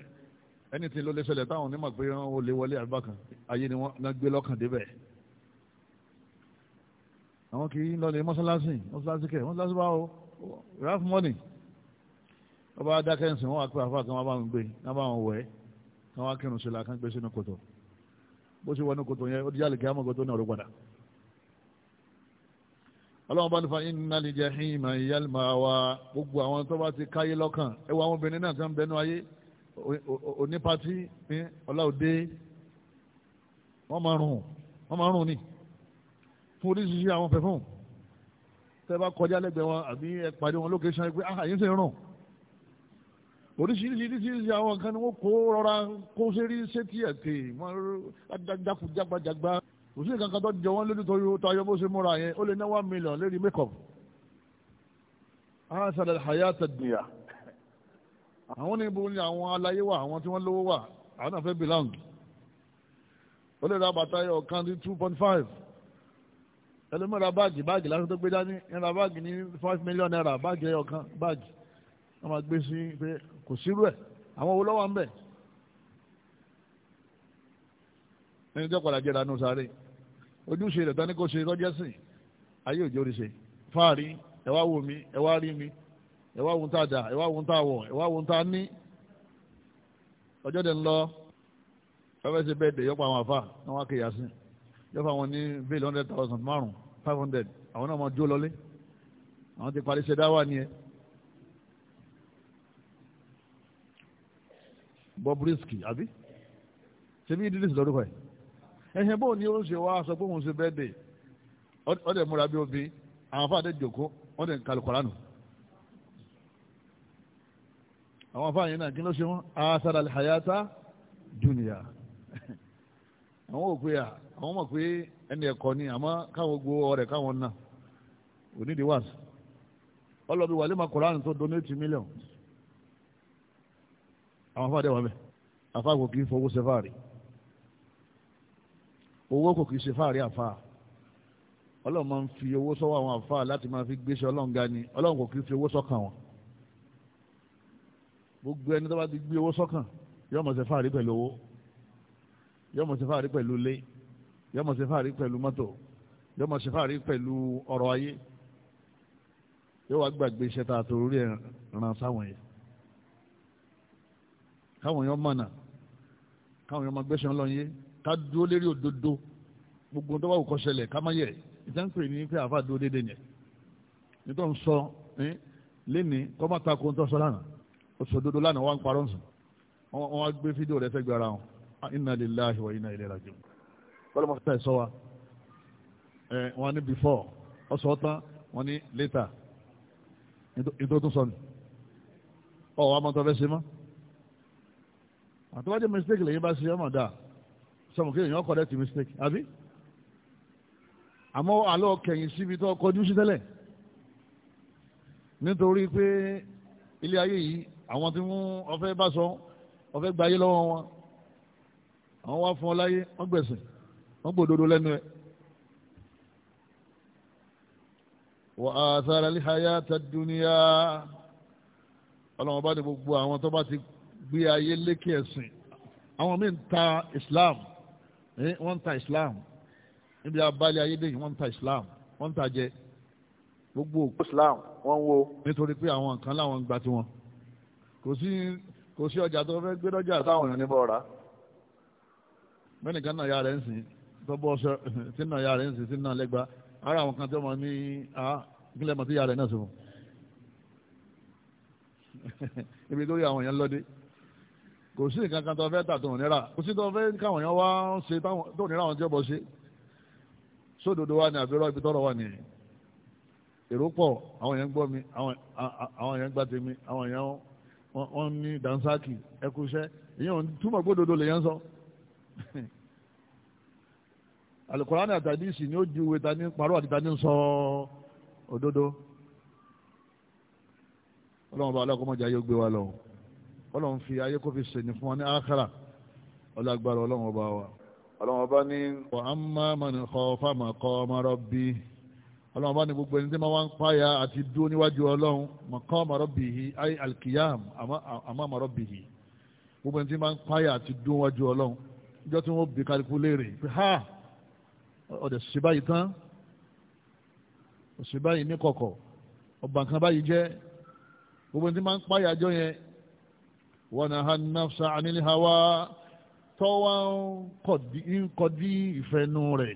ẹni tí ló lè ṣẹlẹ̀ táwọn onímọ̀ pé wọ́n ò lè wọlé àgbà kan ayé ni wọ́n gbé lọ́kàn débẹ̀ àwọn kì í lọlé mọ́sálásì mọ́sálásì kẹ̀ mọ́sálásì bá o ralph money wọ́n bá dákẹ́ ń sìn wọ́n wá pé àfáà kan wọ́n bá ń gbé wọ́n bá wọn wẹ̀ wọ́n wá kírun sílá kan gbé sínú kòtò bó ṣe wọnú kòtò yẹn ó di yàlẹ̀ kí á mọ̀ kòtò náà ró padà ọlọ́run bá ní fa iná lè jẹ́ hìn ìmọ̀ ìyá lè máa wá gbogbo àwọn tó bá ti káyé lọ́kàn ẹ wọ àwọn obìnrin náà tó ń bẹnu ayé òní pati ní ọláòdé wọ́n máa rùn wọ́n máa rùn ni fún oríṣiríṣi àwọn pẹ̀fún tẹ́ bá kọjá lẹ́gbẹ̀ẹ́ wọn àbí ẹ pàdé wọn lókè ṣan pé ah, àyè ń sè rùn oríṣiríṣi oríṣiríṣi àwọn kan ni wọ́n kó rọra kó sérí sétí ẹ̀ tè wọ́n dákújágbájágbá kò sí nǹkan kan tó jẹ wọ́n lójú torí tayọ bó ṣe múra yẹn ó lè ná one million lérí makeup ahasada hayata dunya àwọn níbo ni àwọn aláyé wà àwọn tí wọ́n lówó wà àwọn náà fẹ́ belong ó lè ra bàtà yọ kan ní two point five ẹlẹ́mọ̀ ra báàgì báàgì lásán tó gbé dání ẹ ra báàgì ní five million naira báàgì ẹyọ kan báàgì wọ́n máa gbé sí pé kò sírú ẹ̀ àwọn owó lọ́wọ́ ń bẹ̀ ẹni tó padà jẹ́ra ní sáré ojúṣe rẹ̀ tani kò ṣe lọ́jẹ́sìn ayé òjò rí ṣe fáàrí ẹ wá wò mí ẹ wá rí mi ẹ wá wo ń tá a dà ẹ wá wo ń tá a wọ̀ ẹ wá wo ń ní ọjọ́ dẹ̀ ń lọ fẹ́fẹ́ bẹ́ẹ̀ dẹ̀ yọpọ̀ àwọn àfa wọn wá kéèyà sí yọpọ̀ àwọn ní bíi hundred thousand márùn five hundred àwọn náà mọ jó lọlé àwọn ti parí ṣe dáwà ni ẹ. Bob Risky àbí ṣe bí Idris lórúkọ yìí. ẹ̀hìn bóun ni ó ṣe wá aṣọ pé òun ṣe bẹ́ẹ̀ dè ọ́ ọ múra bí obi àwọn afáàdé jòkó wọ́n dẹ̀ àwọn afáàyàn náà kí ló ṣe wọ́n aṣára àlìhàyàtà dùnìyà àwọn ò àwọn pé ẹni ẹ̀kọ́ ni àmọ́ káwọn gbowó ọ̀rẹ́ káwọn náà onídìí tó donate million owó kò kì í ṣe fáàrí àfa ọlọ́run máa ń fi owó sọ́wọ́ àwọn àfa láti máa fi gbéṣẹ́ ọlọ́run ga ni ọlọ́run kò kì í fi owó sọ́kàn wọn gbogbo ẹni tó bá ti gbé owó sọ́kàn yóò máa ṣe fáàrí pẹ̀lú owó yóò ṣe fáàrí pẹ̀lú ilé yóò ṣe fáàrí pẹ̀lú mọ́tò yóò ṣe fáàrí pẹ̀lú ọrọ̀ ayé yóò wá gbàgbé iṣẹ́ tá a tó rí sáwọn yẹn káwọn yẹn mọ̀nà káwọn yẹn máa gbéṣẹ́ ọlọ́run yẹn ká dúró lérí òdodo gbogbo tó bá wù kó ṣẹlẹ̀ ká má yẹ̀ ìtẹ́ǹpẹ̀ ní pé àfa dúró déédéé yẹn nítorí ń sọ lẹ́ni kọ́ má ta ko ń tọ́sọ lánàá ó sọ òdodo lánàá wọ́n ń parọ́ nsùn wọ́n wá gbé fídíò rẹ̀ fẹ́gbẹ́ ara wọn inna lillahi wa inna ilayhi raji'un bọ́lá mọ́ fẹ́ sọ wa wọ́n ní before ọ̀sọ̀ tán wọ́n ní later ìtòtún sọ ni ọ̀ wà á mọ̀ tó fẹ́ ṣe mọ́ àtọ́wájú mistake lèyìn bá ṣe ọmọ dáa sọmọ kéèyàn ọkọ̀ dẹ́ ti mistake àbí àmọ́ àlọ́ kẹ̀yìn síbi tó kọjú sí tẹ́lẹ̀ nítorí pé ilé ayé yìí àwọn tí wọ́n ọ̀fẹ́ bá sọ ọ̀fẹ́ gba ayé lọ́wọ́ wọn àwọn wá fún ọ láyé wọ́n gbẹ̀sìn wọ́n gbòdodo lẹ́nu ẹ̀. wa athara al-hayata ad-dunya ọlọ́run bá ní gbogbo àwọn tó bá ti gbé ayé lékè ẹ̀sìn àwọn míì ń ta Islam wọ́n ń ta islam níbi abalẹ̀ ayédèyí wọ́n ń ta islam wọ́n ń ta gbogbo islam wọ́n wo. nítorí pé àwọn nǹkan láwọn gba tiwọn kò sí kò sí ọjà tó fẹ́ gbé lọ́jà táwọn èèyàn níbọ̀ rà. mẹ́nìkan náà ya rẹ̀ ń sìn tọ́bọ̀ ọ̀ṣọ́ tí náà ya rẹ̀ ń sìn tí náà lẹ́gba ara àwọn kan tó mọ̀ ní a kílẹ̀ mọ̀ tí ya rẹ̀ náà sọ. ibi tó yẹ àwọn èèyàn lọ́dẹ kò sí nǹkan kan tó fẹ́ tà tó ò nira kò sí tó fẹ́ káwọn èèyàn wá ń ṣe tó ò nira àwọn tí ó bọ̀ ṣe sódodo wa ni àbúrò ibi tọrọ wa ni èrò pọ̀ àwọn èèyàn gbọ́ mi àwọn èèyàn gbà tèmi àwọn èèyàn wọ́n ní dansaki ẹkúṣẹ́ èèyàn túmọ̀ gbódodo lè yẹn sọ. alukurani àtàdísì ni ó ju ìwé tani parọ́ àti tani sọ òdodo ọlọ́run bá alákọ̀ọ́mọjà yóò gbé wa lọ ọlọ́run fi ayé kó fi sèyìn fún wa ní àkàrà ọlágbára ọlọ́run ọba wa. ọlọ́run ọba ní. wa amma man khafa maqama rabbi ọlọ́run ọba ní gbogbo ẹni tí wọ́n wá ń páyà àti dúró níwájú ọlọ́run maqama rabbihi ay alkiyam amama rabbihi gbogbo ẹni tí wọ́n páyà àti dúró níwájú ọlọ́run ìjọ tí wọ́n bí kálukú léèrè pé ha ọ̀dẹ̀ ṣe tán gbogbo ẹni tí wọ́n páyà àjọ yẹn wọnàhà nàfṣà àníníhàwá tọ́wọ́ ń kọdí ìfẹ́nu rẹ̀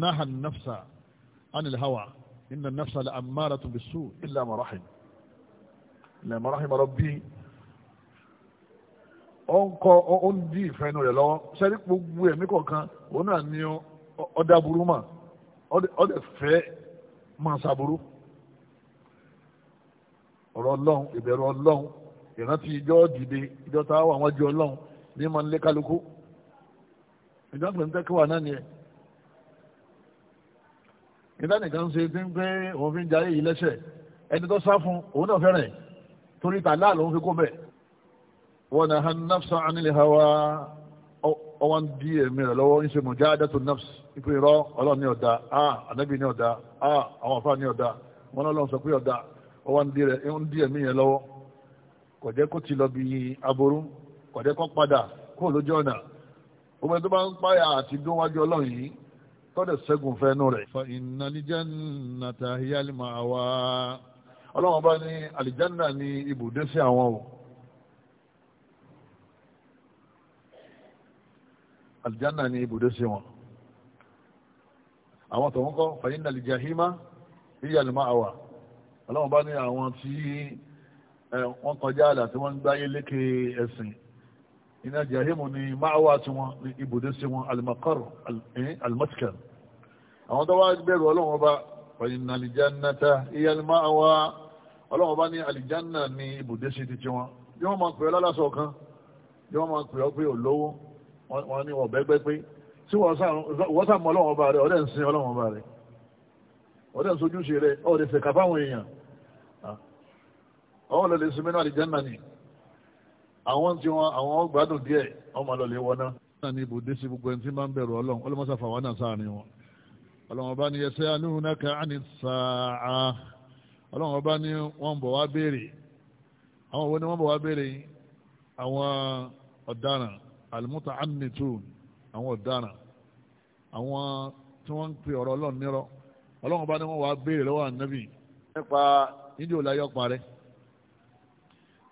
náà nàfṣà àníníhàwá iná nàfṣà lè àmàrà tó bẹ̀ ila ilẹ̀ àmàràhìn ilẹ̀ àmàràhìn mọ̀rọ̀ bí ó ń kọ́ ó ń dí gbogbo ẹ̀mí ọ òun náà ní ọ̀dà burú mà máa ṣàbúrú ìrántí ìjọ dìde ìjọ tá a wà wájú ọlọ́run ní ma ń lé kálukú ìjọ pè ń tẹ́kọ̀ọ́ náà ni ẹ̀ ìdánìkan ṣe ti ń pé òun fi ń jayé yìí lẹ́sẹ̀ ẹni tó sá fún òun náà fẹ́rẹ̀ torí tàlá lòun fi kó bẹ̀. wọn náà han nafsa anilẹ̀ hawa ọwọ́n di èmi rẹ̀ lọ́wọ́ ń ṣe mọ̀já adẹ́tò nafs ipò irọ́ ọlọ́run ní ọ̀dà a ànábì ní a àwọn afá ní ọ̀dà wọn náà lọ́n sọ kò jẹ́ kó ti lọ bí aburú kò kó padà kó lójú ọ̀nà gbogbo ẹni tó bá ń páyà àti dún wájú yìí fẹ́nu rẹ̀. fa inna al-jannata hiya al-ma'wa. ọlọ́run bá ní àlìjánà ní ibùdó sí àwọn o. àlìjánà ní ibùdó sí wọn. àwọn tòun fa ọlọ́run wọ́n kọjá àlà tí wọ́n ń gbáyé lékè ẹ̀sìn iná jahimu ni máàwá tí wọ́n ní ibùdó sí wọn alimakar alimatikar àwọn tó wá bẹ̀rù ọlọ́run ọba ọ̀yìn alìjánnáta iye alimáàwá ọlọ́run ọba ní alìjánná ní ibùdó sí ti tí wọ́n bí wọ́n máa pè ọ́ lálásọ kan bí wọ́n máa pè ọ́ pé olówó wọ́n ní ọ̀bẹ́gbẹ́ pé tí wọ́n sàmọ́ ọlọ́run ọba rẹ̀ ọ̀dẹ̀ ń sin ọlọ́run ọba rẹ̀ ọ̀dẹ̀ ń sojúṣe rẹ̀ ọ̀dẹ̀ fẹ̀kà fáwọn èèyàn àwọn lọ́lẹ̀ sinmi náà àlìjánà ni àwọn tí wọn àwọn gbádùn díẹ̀ ọmọ lọ́lẹ̀ wọná. náà ní ibùdó sí gbogbo ẹni tí máa ń bẹ̀rù ọlọ́run náà wọn. ọlọ́run ọba ni ẹsẹ̀ anúhùnáka àní sàá ọlọ́run ọba ni wọ́n bọ̀ wá béèrè àwọn òwe ni wọ́n bọ̀ wá béèrè àwọn ọ̀daràn àlùmọ́tà àwọn ọ̀daràn àwọn tí wọ́n ń ọ̀rọ̀ ọlọ́run ọlọ́run ọba ni wọ́n wá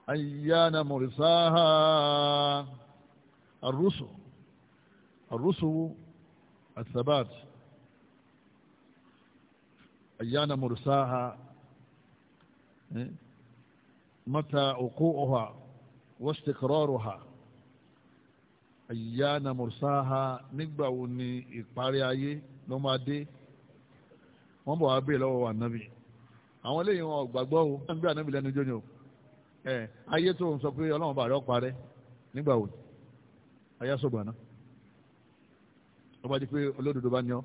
ayyana mursaha arrusu arrusu athabat ayyana mursaha mata uquha wa istiqraruha ayyana mursaha nígbà wo ni ìparí ayé ló máa dé wọ́n bọ̀ wá bèè lọ́wọ́ wa nábì àwọn eléyìí wọn ò gbàgbọ́ o wọ́n ń gbé ànábì lẹ́nu jọ́ni o ẹ ayé tó ń sọ pé ọlọ́run bá parẹ́ nígbà wo ayé di pé olódodo bá yan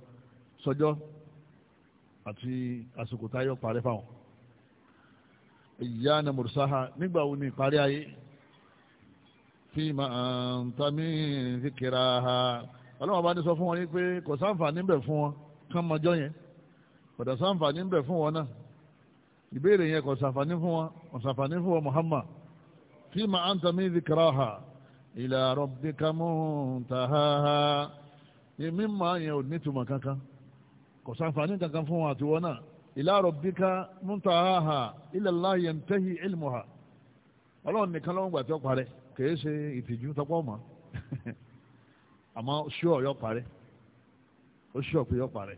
àti àsìkò táyọ̀ parẹ́ fáwọn ìyá na mùrùsáhà nígbà wo ni ayé fi máa ń ha ọlọ́run bá fún wọn pé kò fún wọn kán mọjọ́ fún wọn náà. ìbéèrè yẹn kò sàǹfààní fún wa kò sàǹfààní fún wa Muhammad fima anta min dhikraha ila rabbika muntahaha èmi máa yẹn ò nítumọ̀ kankan kò sàǹfààní kankan fún wa àti wọn náà ila rabbika muntahaha ila Allah yantahi ilmuha ọlọ́run nìkan ló ń gbà tí ó parẹ́ kìí ṣe ìtìjú tọpọ́ mọ́ àmọ́ ṣúọ̀ yọ parẹ́ ó ṣúọ̀ pé yọ parẹ́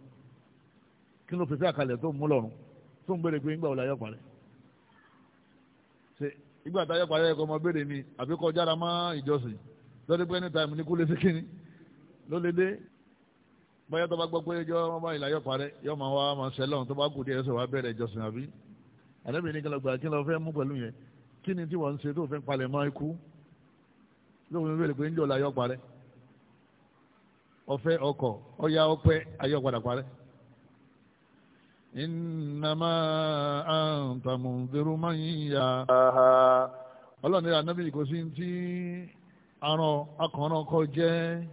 kí ló fi sí àkàlẹ̀ tó ń mú lọ́rùn tó ń béèrè pé ńgbà wòlá yọparẹ́ ṣe ìgbà tá yọparẹ́ ẹ̀kọ́ ọmọ béèrè mi àbí kọ́ jára mọ́ ìjọsìn lọ́dún pé anytime ní kú lé sí kínní ló lé dé bóyá tó bá gbọ́ pé ẹjọ́ ọmọ ìlà yọparẹ́ yọ máa wá máa ṣẹlẹ̀ tó bá kù díẹ̀ ṣe wá bẹ̀rẹ̀ ìjọsìn àbí àdébìnrin ní kẹlẹ́gbà innama anta munziru man ya. ọlọ́run ní anábì kò sí ti aràn akànnà kọ jẹ́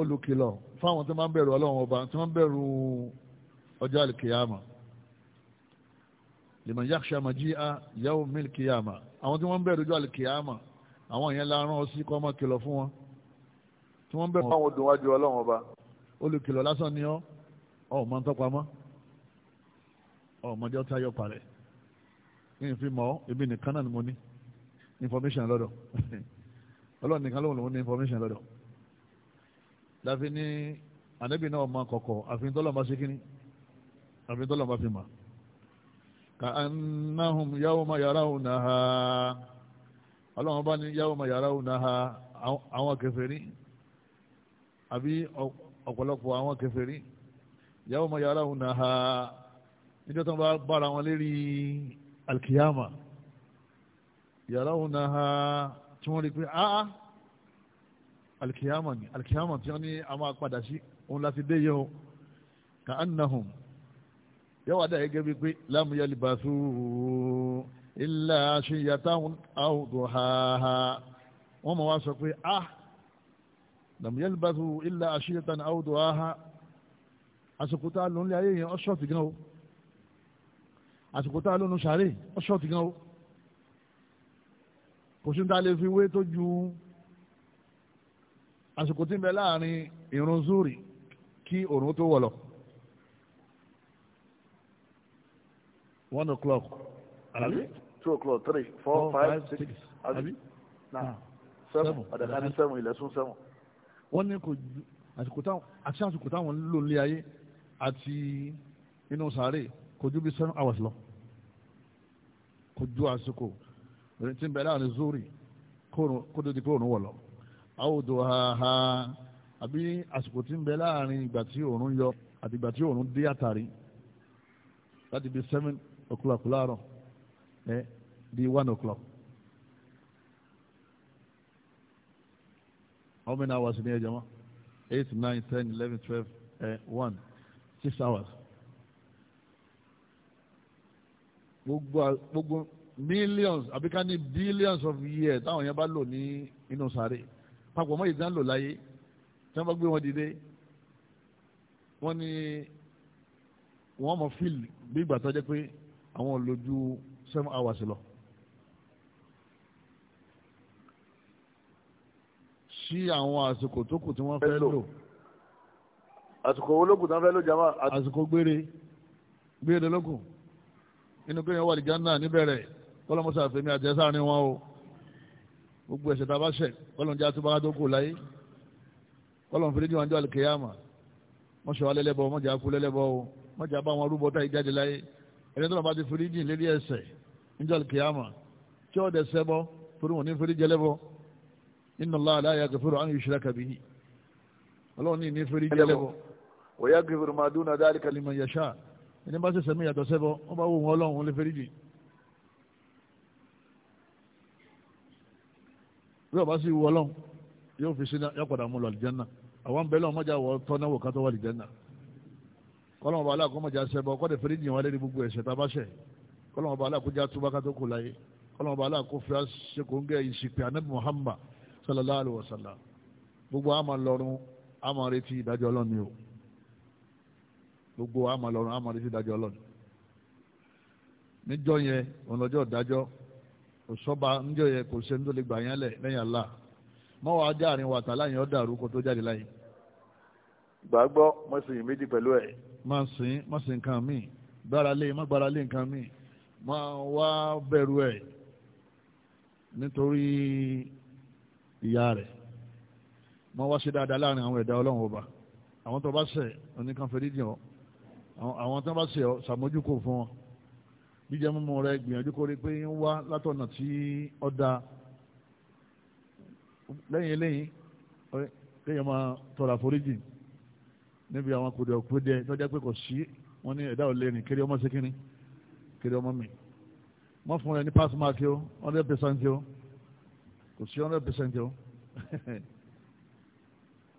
olùkìlọ̀ fáwọn tí wọ́n bẹ̀rù ọlọ́run ọba tí wọ́n bẹ̀rù ọjọ́ àlìkìyàmà lèmọ̀ yaksha maji'a yawmil kìyàmà àwọn tí wọ́n bẹ̀rù ọjọ́ àlìkìyàmà àwọn yẹn la rán ọ sí kọ́ ọmọ kìlọ̀ fún wọn tí wọ́n bẹ̀rù. àwọn odùnwájú ọlọ́run ọba. olùkìlọ̀ lásán ni ọ́ ọmọ ń ọmọdé ọtí ayọ̀ parẹ́ yìí fi mọ́ ebi nìkan náà ni mo ní information lọ́dọ̀ ọlọ́run nìkan lóhùn ní information lọ́dọ̀ láfi ní ànábì náà ọmọ kọ̀kọ̀ àfihàn tọ́lọ̀ bá àfihàn tọ́lọ̀ bá fi ọlọ́run bá ní àwọn àbí ọ̀pọ̀lọpọ̀ àwọn ìyàwó ọmọ yàrá òun náà níjọ́ tó ń bára wọn lérí alkiyama yàrá òun náà tí wọ́n rí pé áá ah, ah, alkiyama ni alkiyama tí wọ́n ní a máa padà sí òun láti dé yẹn o ka annahum yóò wá dá gẹ́gẹ́ bíi pé lam yalbathu illa ashiyatan aw duhaha wọ́n mọ̀ wá sọ pé ah lam yalbathu illa ashiyatan aw duhaha àsìkò tá a lò nílé ayé yẹn ọ ṣọ́ọ̀tì gan o àsìkò tá a lò nù sàárè ọ ṣọ́ọ̀tì gan o kò sí ta lè fi wé tó ju àsìkò tí ń bẹ láàrin ìrun zuri kí òrùn tó wọ̀ lọ. one o'clock. àbí two o'clock three four, four five, five six àbí nine seven àdàkà ní seven ilẹ̀ sún seven. wọ́n ní kò ju àsìkò táwọn àti àsìkò táwọn ń lò nílé ayé àti inú sàárè kò bí seven hours lọ kò àsìkò rẹ̀ tí ń bẹ láàrin zuri kó di pé òun wọ̀ lọ àwòdò ha àbí àsìkò tí ń bẹ láàrin ìgbà tí òun yọ àti ìgbà tí òun dé àtàrí láti bí seven o'clock láàárọ̀ ẹ di one o'clock. how many hours eight nine ten eleven twelve one. six hours gbogbo gbogbo millions àbí ká ní billions of years táwọn yẹn bá lò ní inú sáré papọ̀ mọ́ ìdán lò láyé tí wọ́n bá gbé wọn dìde wọ́n ní wọ́n mọ̀ fíìl bí ìgbà tó jẹ́ pé àwọn olójú seven hours lọ. sí àwọn àsìkò tó kù tí wọ́n fẹ́ lò àsìkò ológun tán fẹ́ ló jama. àsìkò gbére gbére lókun inú kéèyàn wà lìjà náà níbẹ̀rẹ̀ kọ́lọ́mọ́sá fèmí àtẹ́sà ni wọn o gbogbo ẹ̀ṣẹ̀ tá a bá ṣẹ̀ kọ́lọ́n jẹ́ àtúbọ̀ tó kù láyé kọ́lọ́n fèrè níwájú àlùkèyàmà mọ́ṣọ́ alẹ́lẹ́bọ̀ mọ́jà kú lẹ́lẹ́bọ̀ o mọ́jà bá wọn rúbọ táyì jáde láyé ẹni tó lọ́ bá ti fèrè jìn lérí ẹ̀ṣẹ̀ níjọ́ àlùkèyàmà tí ó dẹ̀ sẹ́bọ́ torí ọlọ́run ní ní fèrè jẹ lẹ́bọ̀ wòye agbèrè máa dún náà dárí kalimọ̀ yẹ̀ṣà ẹni bá ṣẹ̀ṣẹ̀ mí yàtọ̀ sẹ́bọ̀ wọ́n bá wò wọn ọlọ́run wọn lè fẹ́rí jì. bí ọba sì wọ ọlọ́run yóò fi sínú yóò padà mú lọ àlìjánná àwọn bẹ́ẹ̀ lọ́wọ́ mọ́jà wọ tọ́náwó kátó wà àlìjánná kọ́lọ́mọ̀ bá aláàkó mọ́jà sẹ́bọ̀ kọ́dẹ̀ fẹ́rí jì wọn lé ní gbogbo ẹ̀ṣẹ̀ tá a bá ṣẹ̀ kọ́lọ́mọ̀ bá aláàkó já túbá kátó kò láyé kọ́lọ́mọ̀ bá aláàkó fi ṣe kò ń gẹ́ Muhammad sallallahu alayhi wa sallam gbogbo àmà lọ́run àmà retí ìdájọ́ ọlọ́ni o. gbogbo amalọrun amalọrun ti dájọ́ ọlọ́run níjọ́ yẹn ọlọ́jọ́ ìdájọ́ yẹn kò ṣe ń gbà yẹn lẹ̀ lẹ́yìn Allah mọ́wàá ajá wàtà láyìn tó jáde láyìn. gbàgbọ́ mo sì yìn méjì pẹ̀lú ẹ̀. sìn nítorí ìyá rẹ̀ wá dáadáa láàrin àwọn ẹ̀dá ọlọ́run àwọn tó bá oníkanfẹ́ àwọn tí wọ́n bá ṣe ṣàmójúkò fún wọn jíjẹ mímu rẹ gbìyànjú kó rí pé ń wá látọ̀nà tí ó da lẹ́yìn eléyìí kéèyàn máa tọrọ àforíjì níbi àwọn kòdìọ̀kúdẹ tó jẹ́ pé kò sí wọn ní ẹ̀dá òlẹ́ni kiri ọmọ sí kínní kiri ọmọ mi wọ́n fún rẹ ní pass mark o hundred percent o kò sí hundred percent o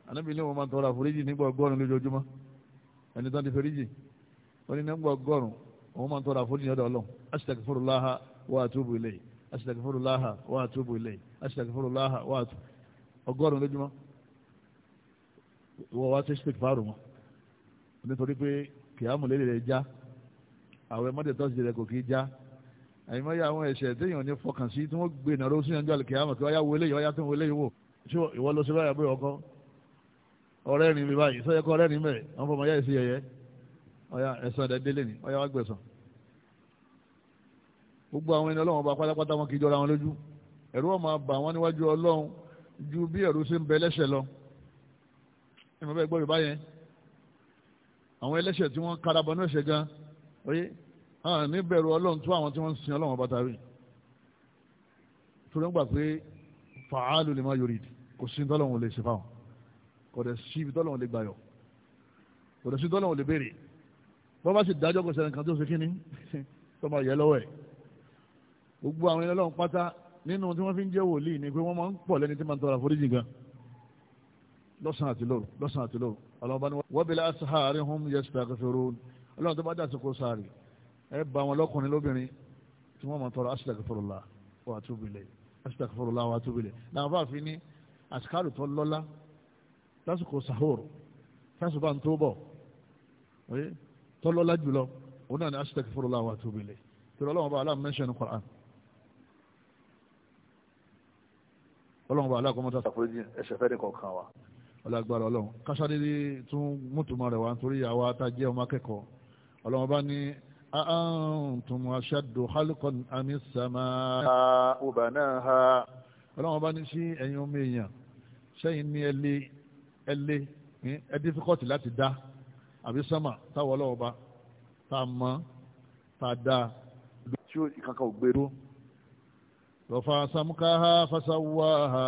anábìíní wọn máa tọrọ àforíjì nígbà ọgọ́rùn-ún lójoojúmọ́ ẹni tán ti foríjì. Onye ní nọ́mbà ọgọ́rùn òun máa ń tọrọ àforíjì ọ̀dọ̀ Ọlọ́run astaghfirullah wa atubu ilayhi astaghfirullah wa atubu ilayhi astaghfirullah wa atubu ọgọ́rùn lójúmọ́ ìwọ wa ṣe ṣèkì fáàrù wọn nítorí pé kìámù lélẹ̀ rẹ̀ já àwọn ẹmọdé tọ́sí rẹ̀ kò kí já àyìnbáyà àwọn ẹ̀ṣẹ̀ téèyàn ní fọkàn sí tí wọ́n gbé nàró sí ọjọ́ kí wọ́n wọ́n tó wò ìwọ lọ sí báyà bóyá ọkọ ni mi báyìí sọ́yẹ́kọ́ ni àwọn fọmọ yẹyẹ ọ̀yà ẹ̀sán ẹ̀dá délé ni ọ̀yà wá gbẹ̀sán gbogbo àwọn ẹni ọlọ́run bá pátápátá wọn kì í jọra wọn lójú ẹ̀rú ọmọ àbà wọn níwájú ọlọ́run ju bí ẹ̀rú ṣe ń bẹ ẹlẹ́ṣẹ̀ lọ ìmọ̀ bẹ́ẹ̀ gbọ́ yorùbá yẹn àwọn ẹlẹ́ṣẹ̀ tí wọ́n karabọ̀ náà ṣe gan oyé hàn níbẹ̀rù ọlọ́run tó àwọn tí wọ́n ń sin ọlọ́run ọba tàbí torí ń gbà pé fàálù lè má yorì kò sí tọ́lọ́run lè ṣe fáwọn kò dẹ̀ sí ibi tọ́lọ́run lè gbàyọ̀ kò dẹ̀ sí tọ́lọ́run lè béèrè bọ́n bá sì dájọ́ kò sẹ́ni kan tó ṣe kíní tó máa yẹ lọ́wọ́ ẹ̀ gbogbo àwọn ẹlẹ́lọ́run pátá nínú tí wọ́n fi ń jẹ́ wòlíì ni pé wọ́n máa ń pọ̀ lẹ́ni tí máa ń tọrọ àforíjì gan lọ́sàn-án àti lóru lọ́sàn-án àti lóru ọlọ́run bá ní wọ́n bẹ̀rẹ̀ aṣáárí hum yastaghfirun ọlọ́run tó bá dà sí sáré ẹ bá wọn lọ́kùnrin lóbìnrin tí wọ́n máa tọrọ astaghfirullah wa atubu ilayh astaghfirullah wa atubu ilayh làwọn bá fi ní àṣìkárù tó lọ́lá tọ́lọ́lá jùlọ òun náà ni astaghfirullah wa atubu ilayh torí ọlọ́run ọba aláàmú mẹ́ṣẹ̀ ní Qur'an ọlọ́run ọba aláàkọ́ mọ́tà sàfúrẹ́jì ẹ̀ṣẹ̀ fẹ́ẹ́ kọ̀ọ̀kan wa ọlágbára ọlọ́run kásáde tún mútùmọ̀ rẹ̀ wá nítorí àwa tá jẹ́ ọmọ akẹ́kọ̀ọ́ ọlọ́run ọba ní أأنتم أشد خلقا أم السماء ọlọ́run ọba ní sí ẹ̀yin àbí sámà táwọn ọlọ́wọ́ bá tá a mọ tá a dáa. tí ó kankan ò gbèrú. lọ́fà samukaha fasawaha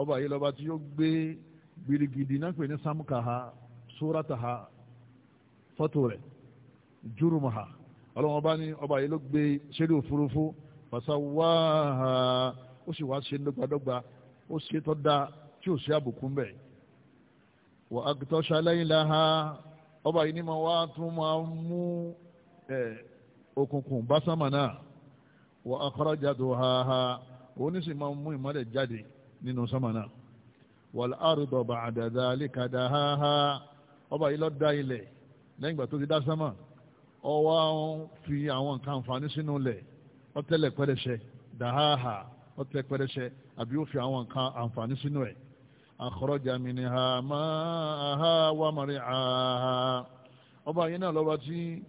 ọba yìí lọ́ba tí yóò gbé gbirigidi náà pè ní samukaha sórataha fọ́tò rẹ̀ jurumaha ọlọ́wọ́n bá ní ọba yìí ló gbé ṣẹ́rí òfurufú fasawaha ó sì wá ṣe dọ́gbadọ́gba ó ṣe tọ́ da tí ò sí àbùkù mbẹ́ wà á tọ́ ṣaláyìn láha ọba yìí ni ma wá tún máa mú òkùnkùn bá sánmà náà wa akhraja duhaha òun ní sì máa mú ìmọ́lẹ̀ jáde nínú sánmà náà wal arda ba'da dhalika dahaha ọba yìí ló dá ilẹ̀ lẹ́yìn ìgbà tó ti dá sánmà ó wá fi àwọn nǹkan àǹfààní sínú ilẹ̀ ó tẹ́lẹ̀ pẹ́rẹsẹ̀ dàháhà ó àbí ó fi àwọn nǹkan àǹfààní sínú ẹ̀ akhraja minha ma'aha wa mar'aha ọba yìí náà lọ́ba tí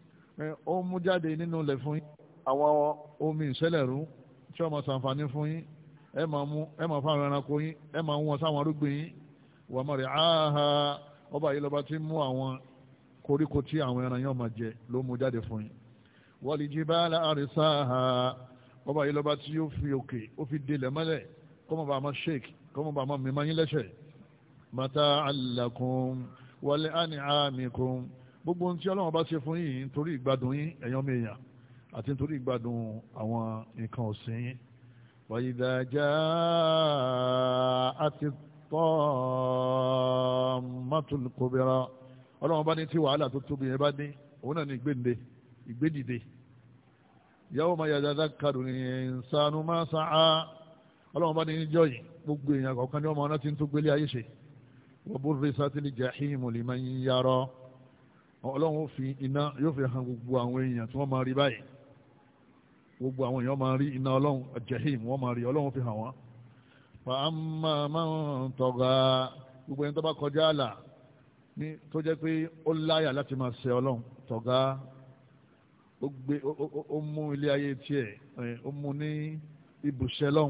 ó mú jáde nínú ilẹ̀ fún yín àwọn omi ìṣẹ̀lẹ̀rú tí ó máa ṣàǹfààní fún yín ẹ máa mú ẹ máa fáwọn ẹranko yín ẹ máa wọn sáwọn arúgbìn yín wa mar'aha ọba yìí lọ́ba tí mú àwọn koríko tí àwọn ẹran yóò máa jẹ ló mú jáde fún yín wal jibala arsaha ọba yìí lọ́ba tí ó fi òkè ó fi délẹ̀ mọ́lẹ̀ kọ́mọba àmọ́ sheik kó mọ́ bá mọ́ mi máa yín lẹ́sẹ̀ mata alakun wọlé àní àmìkun gbogbo ohun tí ọlọ́run bá ṣe fún yìí nítorí ìgbádùn yín ẹ̀yàn mi èèyàn àti nítorí ìgbádùn àwọn nǹkan ọ̀sìn yín wàyídájá àti tọ́ọ̀mọ́tòlùkọ́bẹ̀rọ ọlọ́run bá ní tí wàhálà tó tóbi yẹn bá dé òun náà ní ìgbéǹde ìgbédìde yawma yatadhakkaru al-insanu ma sa'a ọlọ́run bá ní níjọ́ yìí gbogbo èèyàn kọ̀ọ̀kan ní ọmọ ọ̀nà tí ń tún gbélé ayé ṣe wa burrisatil jahimu liman yara ọlọ́run fi iná yóò fi ha gbogbo àwọn èèyàn tí wọ́n máa rí báyìí gbogbo àwọn èèyàn máa rí iná ọlọ́run wọ́n máa rí ọlọ́run fi hàn wọ́n. gbogbo ẹni tó bá kọjá àlà ní tó jẹ́ pé ó láyà láti máa ṣe ọlọ́run ó mú ilé ayé tiẹ̀ ó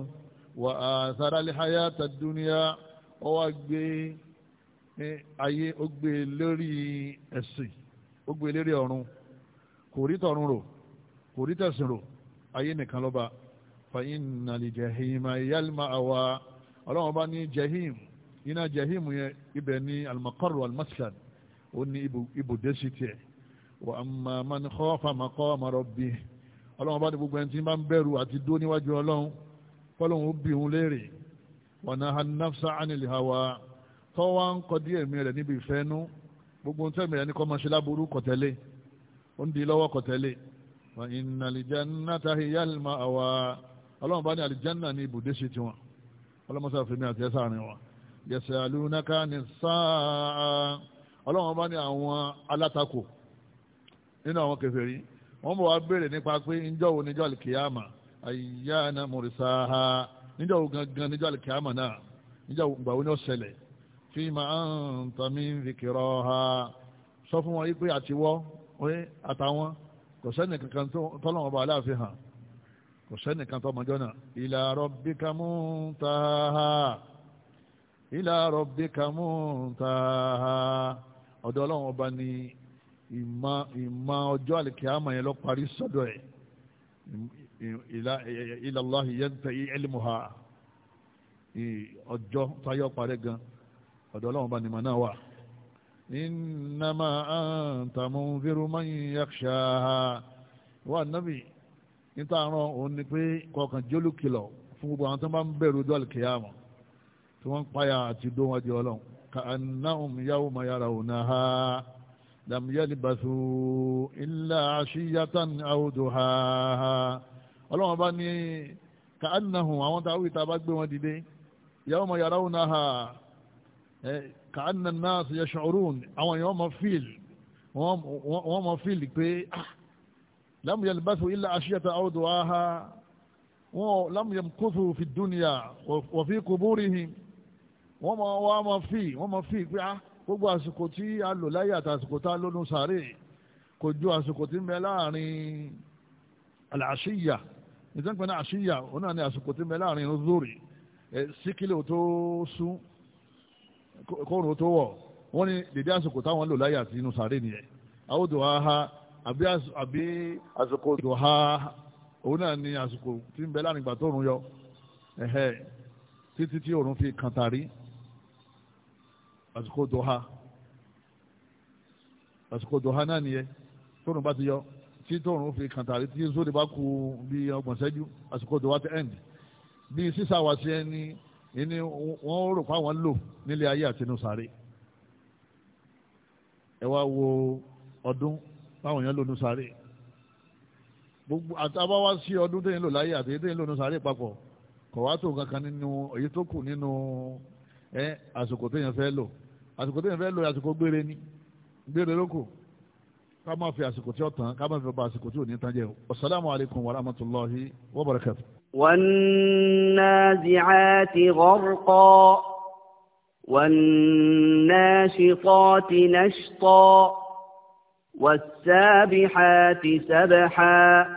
wà á sárálẹ̀ háyà tàdúnìyà ó wá gbé ayé ó gbé lórí ẹ̀sìn ó gbé lórí ọ̀run kò rí tọ̀run rò kò rí tẹ̀sìn rò ayé nìkan lọ́ba fàyín nàlì jẹ̀hìm ayálmà àwa ọlọ́run bá ní jẹ̀hìm iná jẹ̀hìm yẹn ibẹ̀ ní alimakọ́rù alimaskan ó ní ibùdó sí tiẹ̀ wà á máa man khafa maqama rabbih ọlọ́run bá ní gbogbo ẹni tí ń bá ń bẹ̀rù àti dó níwájú ọlọ́run kọ́lọ́hún bí òun léèrè wọ̀nà hanáfsá ánìlì hawa tó wá ń kọ́ díẹ̀ mi rẹ̀ níbi ìfẹ́nú gbogbo ohun tẹ́mi rẹ̀ ní kọ́ máa ṣe láburú kọ̀tẹ́lé ó ń di lọ́wọ́ kọ̀tẹ́lé wà ìnà àlìjáná táhì yálìmọ̀ àwa ọlọ́run bá ní àlìjáná ní ibùdó ṣe tiwọn ọlọ́mọṣẹ́ àfẹ́mi àti ẹ̀sà àárín wa yẹ̀sẹ̀ àlùnáká ní sáà ọlọ́run bá ní àwọn alátakò nínú àwọn kèfèrí wọ́n bọ̀ wá béèrè nípa pé ńjọ́ ayyana mursaha níjà wo gangan níjà alikiyama náà níjà gbà wo ni ó ṣẹlẹ̀ fima anta min zikraha sọ fún wọn yí pé àtiwọ́ àtàwọn kò sẹ́ni kankan tọ́lọ́wọ́n bá aláàfin hàn kò sẹ́ni kan tọ́ ọmọjọ́ náà ila rabbika muntaha ila rabbika muntaha ọ̀dọ̀ ọlọ́run ọba ni ìmọ̀ ọjọ́ àlìkíyàmọ̀ yẹn lọ parí sọ́dọ̀ ẹ̀ ila Allah yantahi ilmuha ọjọ́ táyọ̀ parẹ́ gan ọ̀dọ̀ ọlọ́run bá nìmọ̀ náà wà. innama anta munziru man yakhshaha wà nábì níta àrùn òun ni pé kọkàn jólù kìlọ̀ fún gbogbo àwọn tó bá ń bẹ̀rù ojú àlùkìyàmọ̀ tí wọ́n ń payà àti dó wọn di ọlọ́run ka annahum yawma yarawnaha lam yalbathu illa ashiyatan aw duhaha ọlọ́run bá ní ka annahum àwọn tá a wí ta bá gbé wọn dìde yawma yarawnaha ka anna an-nas yash'urun àwọn èèyàn máa fíìl wọ́n máa fíìl pé ah, lam yalbathu illa ashiyata aw du'aha wọ́n lam yamkuthu fi dunya wa fi quburihim wọ́n máa wá máa fíìl wọ́n máa fíìl pé ah, gbogbo àsìkò tí a lò láyé àti àsìkò tá a lónú sàárè kò ju àsìkò tí ń bẹ láàrin àlàáṣíyà nítorí pé náà àṣìyà òun náà ní àsìkò tí ń bẹ láàrin lórí síkìlẹ̀ tó sún kóòrùn tó wọ̀ wọ́n ní dèdé àsìkò táwọn lò láyé àti inú sàárè nìyẹn àwòdò ha àbí àsìkò dò ha òun náà ní àsìkò tí ń bẹ láàrin ìgbà tóòrùn yọ títí tí òòrùn fi kàn tàrí àsìkò dò ha àsìkò dò ha náà nìyẹn tóòrùn bá ti yọ tí tóòrùn fi kàn tàrí tí sóde bá kú bí ọgbọ̀n ṣẹ́jú àsìkò tó wá ti end bí sísá wá sí ẹni ẹni wọ́n rò pé àwọn lò nílé ayé àtinú sáré ẹ wá wo ọdún báwọn èèyàn lò nù sáré gbogbo àtàbáwá sí ọdún tẹ́yìn lò láyé àti tẹ́yìn lò nù sáré papọ̀ kọ̀ wá tó kankan nínú èyí tó kù nínú ẹ àsìkò tẹ́yìn fẹ́ lò àsìkò tẹ́yìn fẹ́ lò àsìkò gbére ni gbére ló ká máa fi àsìkò tí ó tán ká máa fi ba àsìkò tí ò ní tán jẹ́ wasalaamu alaykum wa rahmatulahi wa barakatu. والنازعات غرقا والناشطات نشطا والسابحات سبحا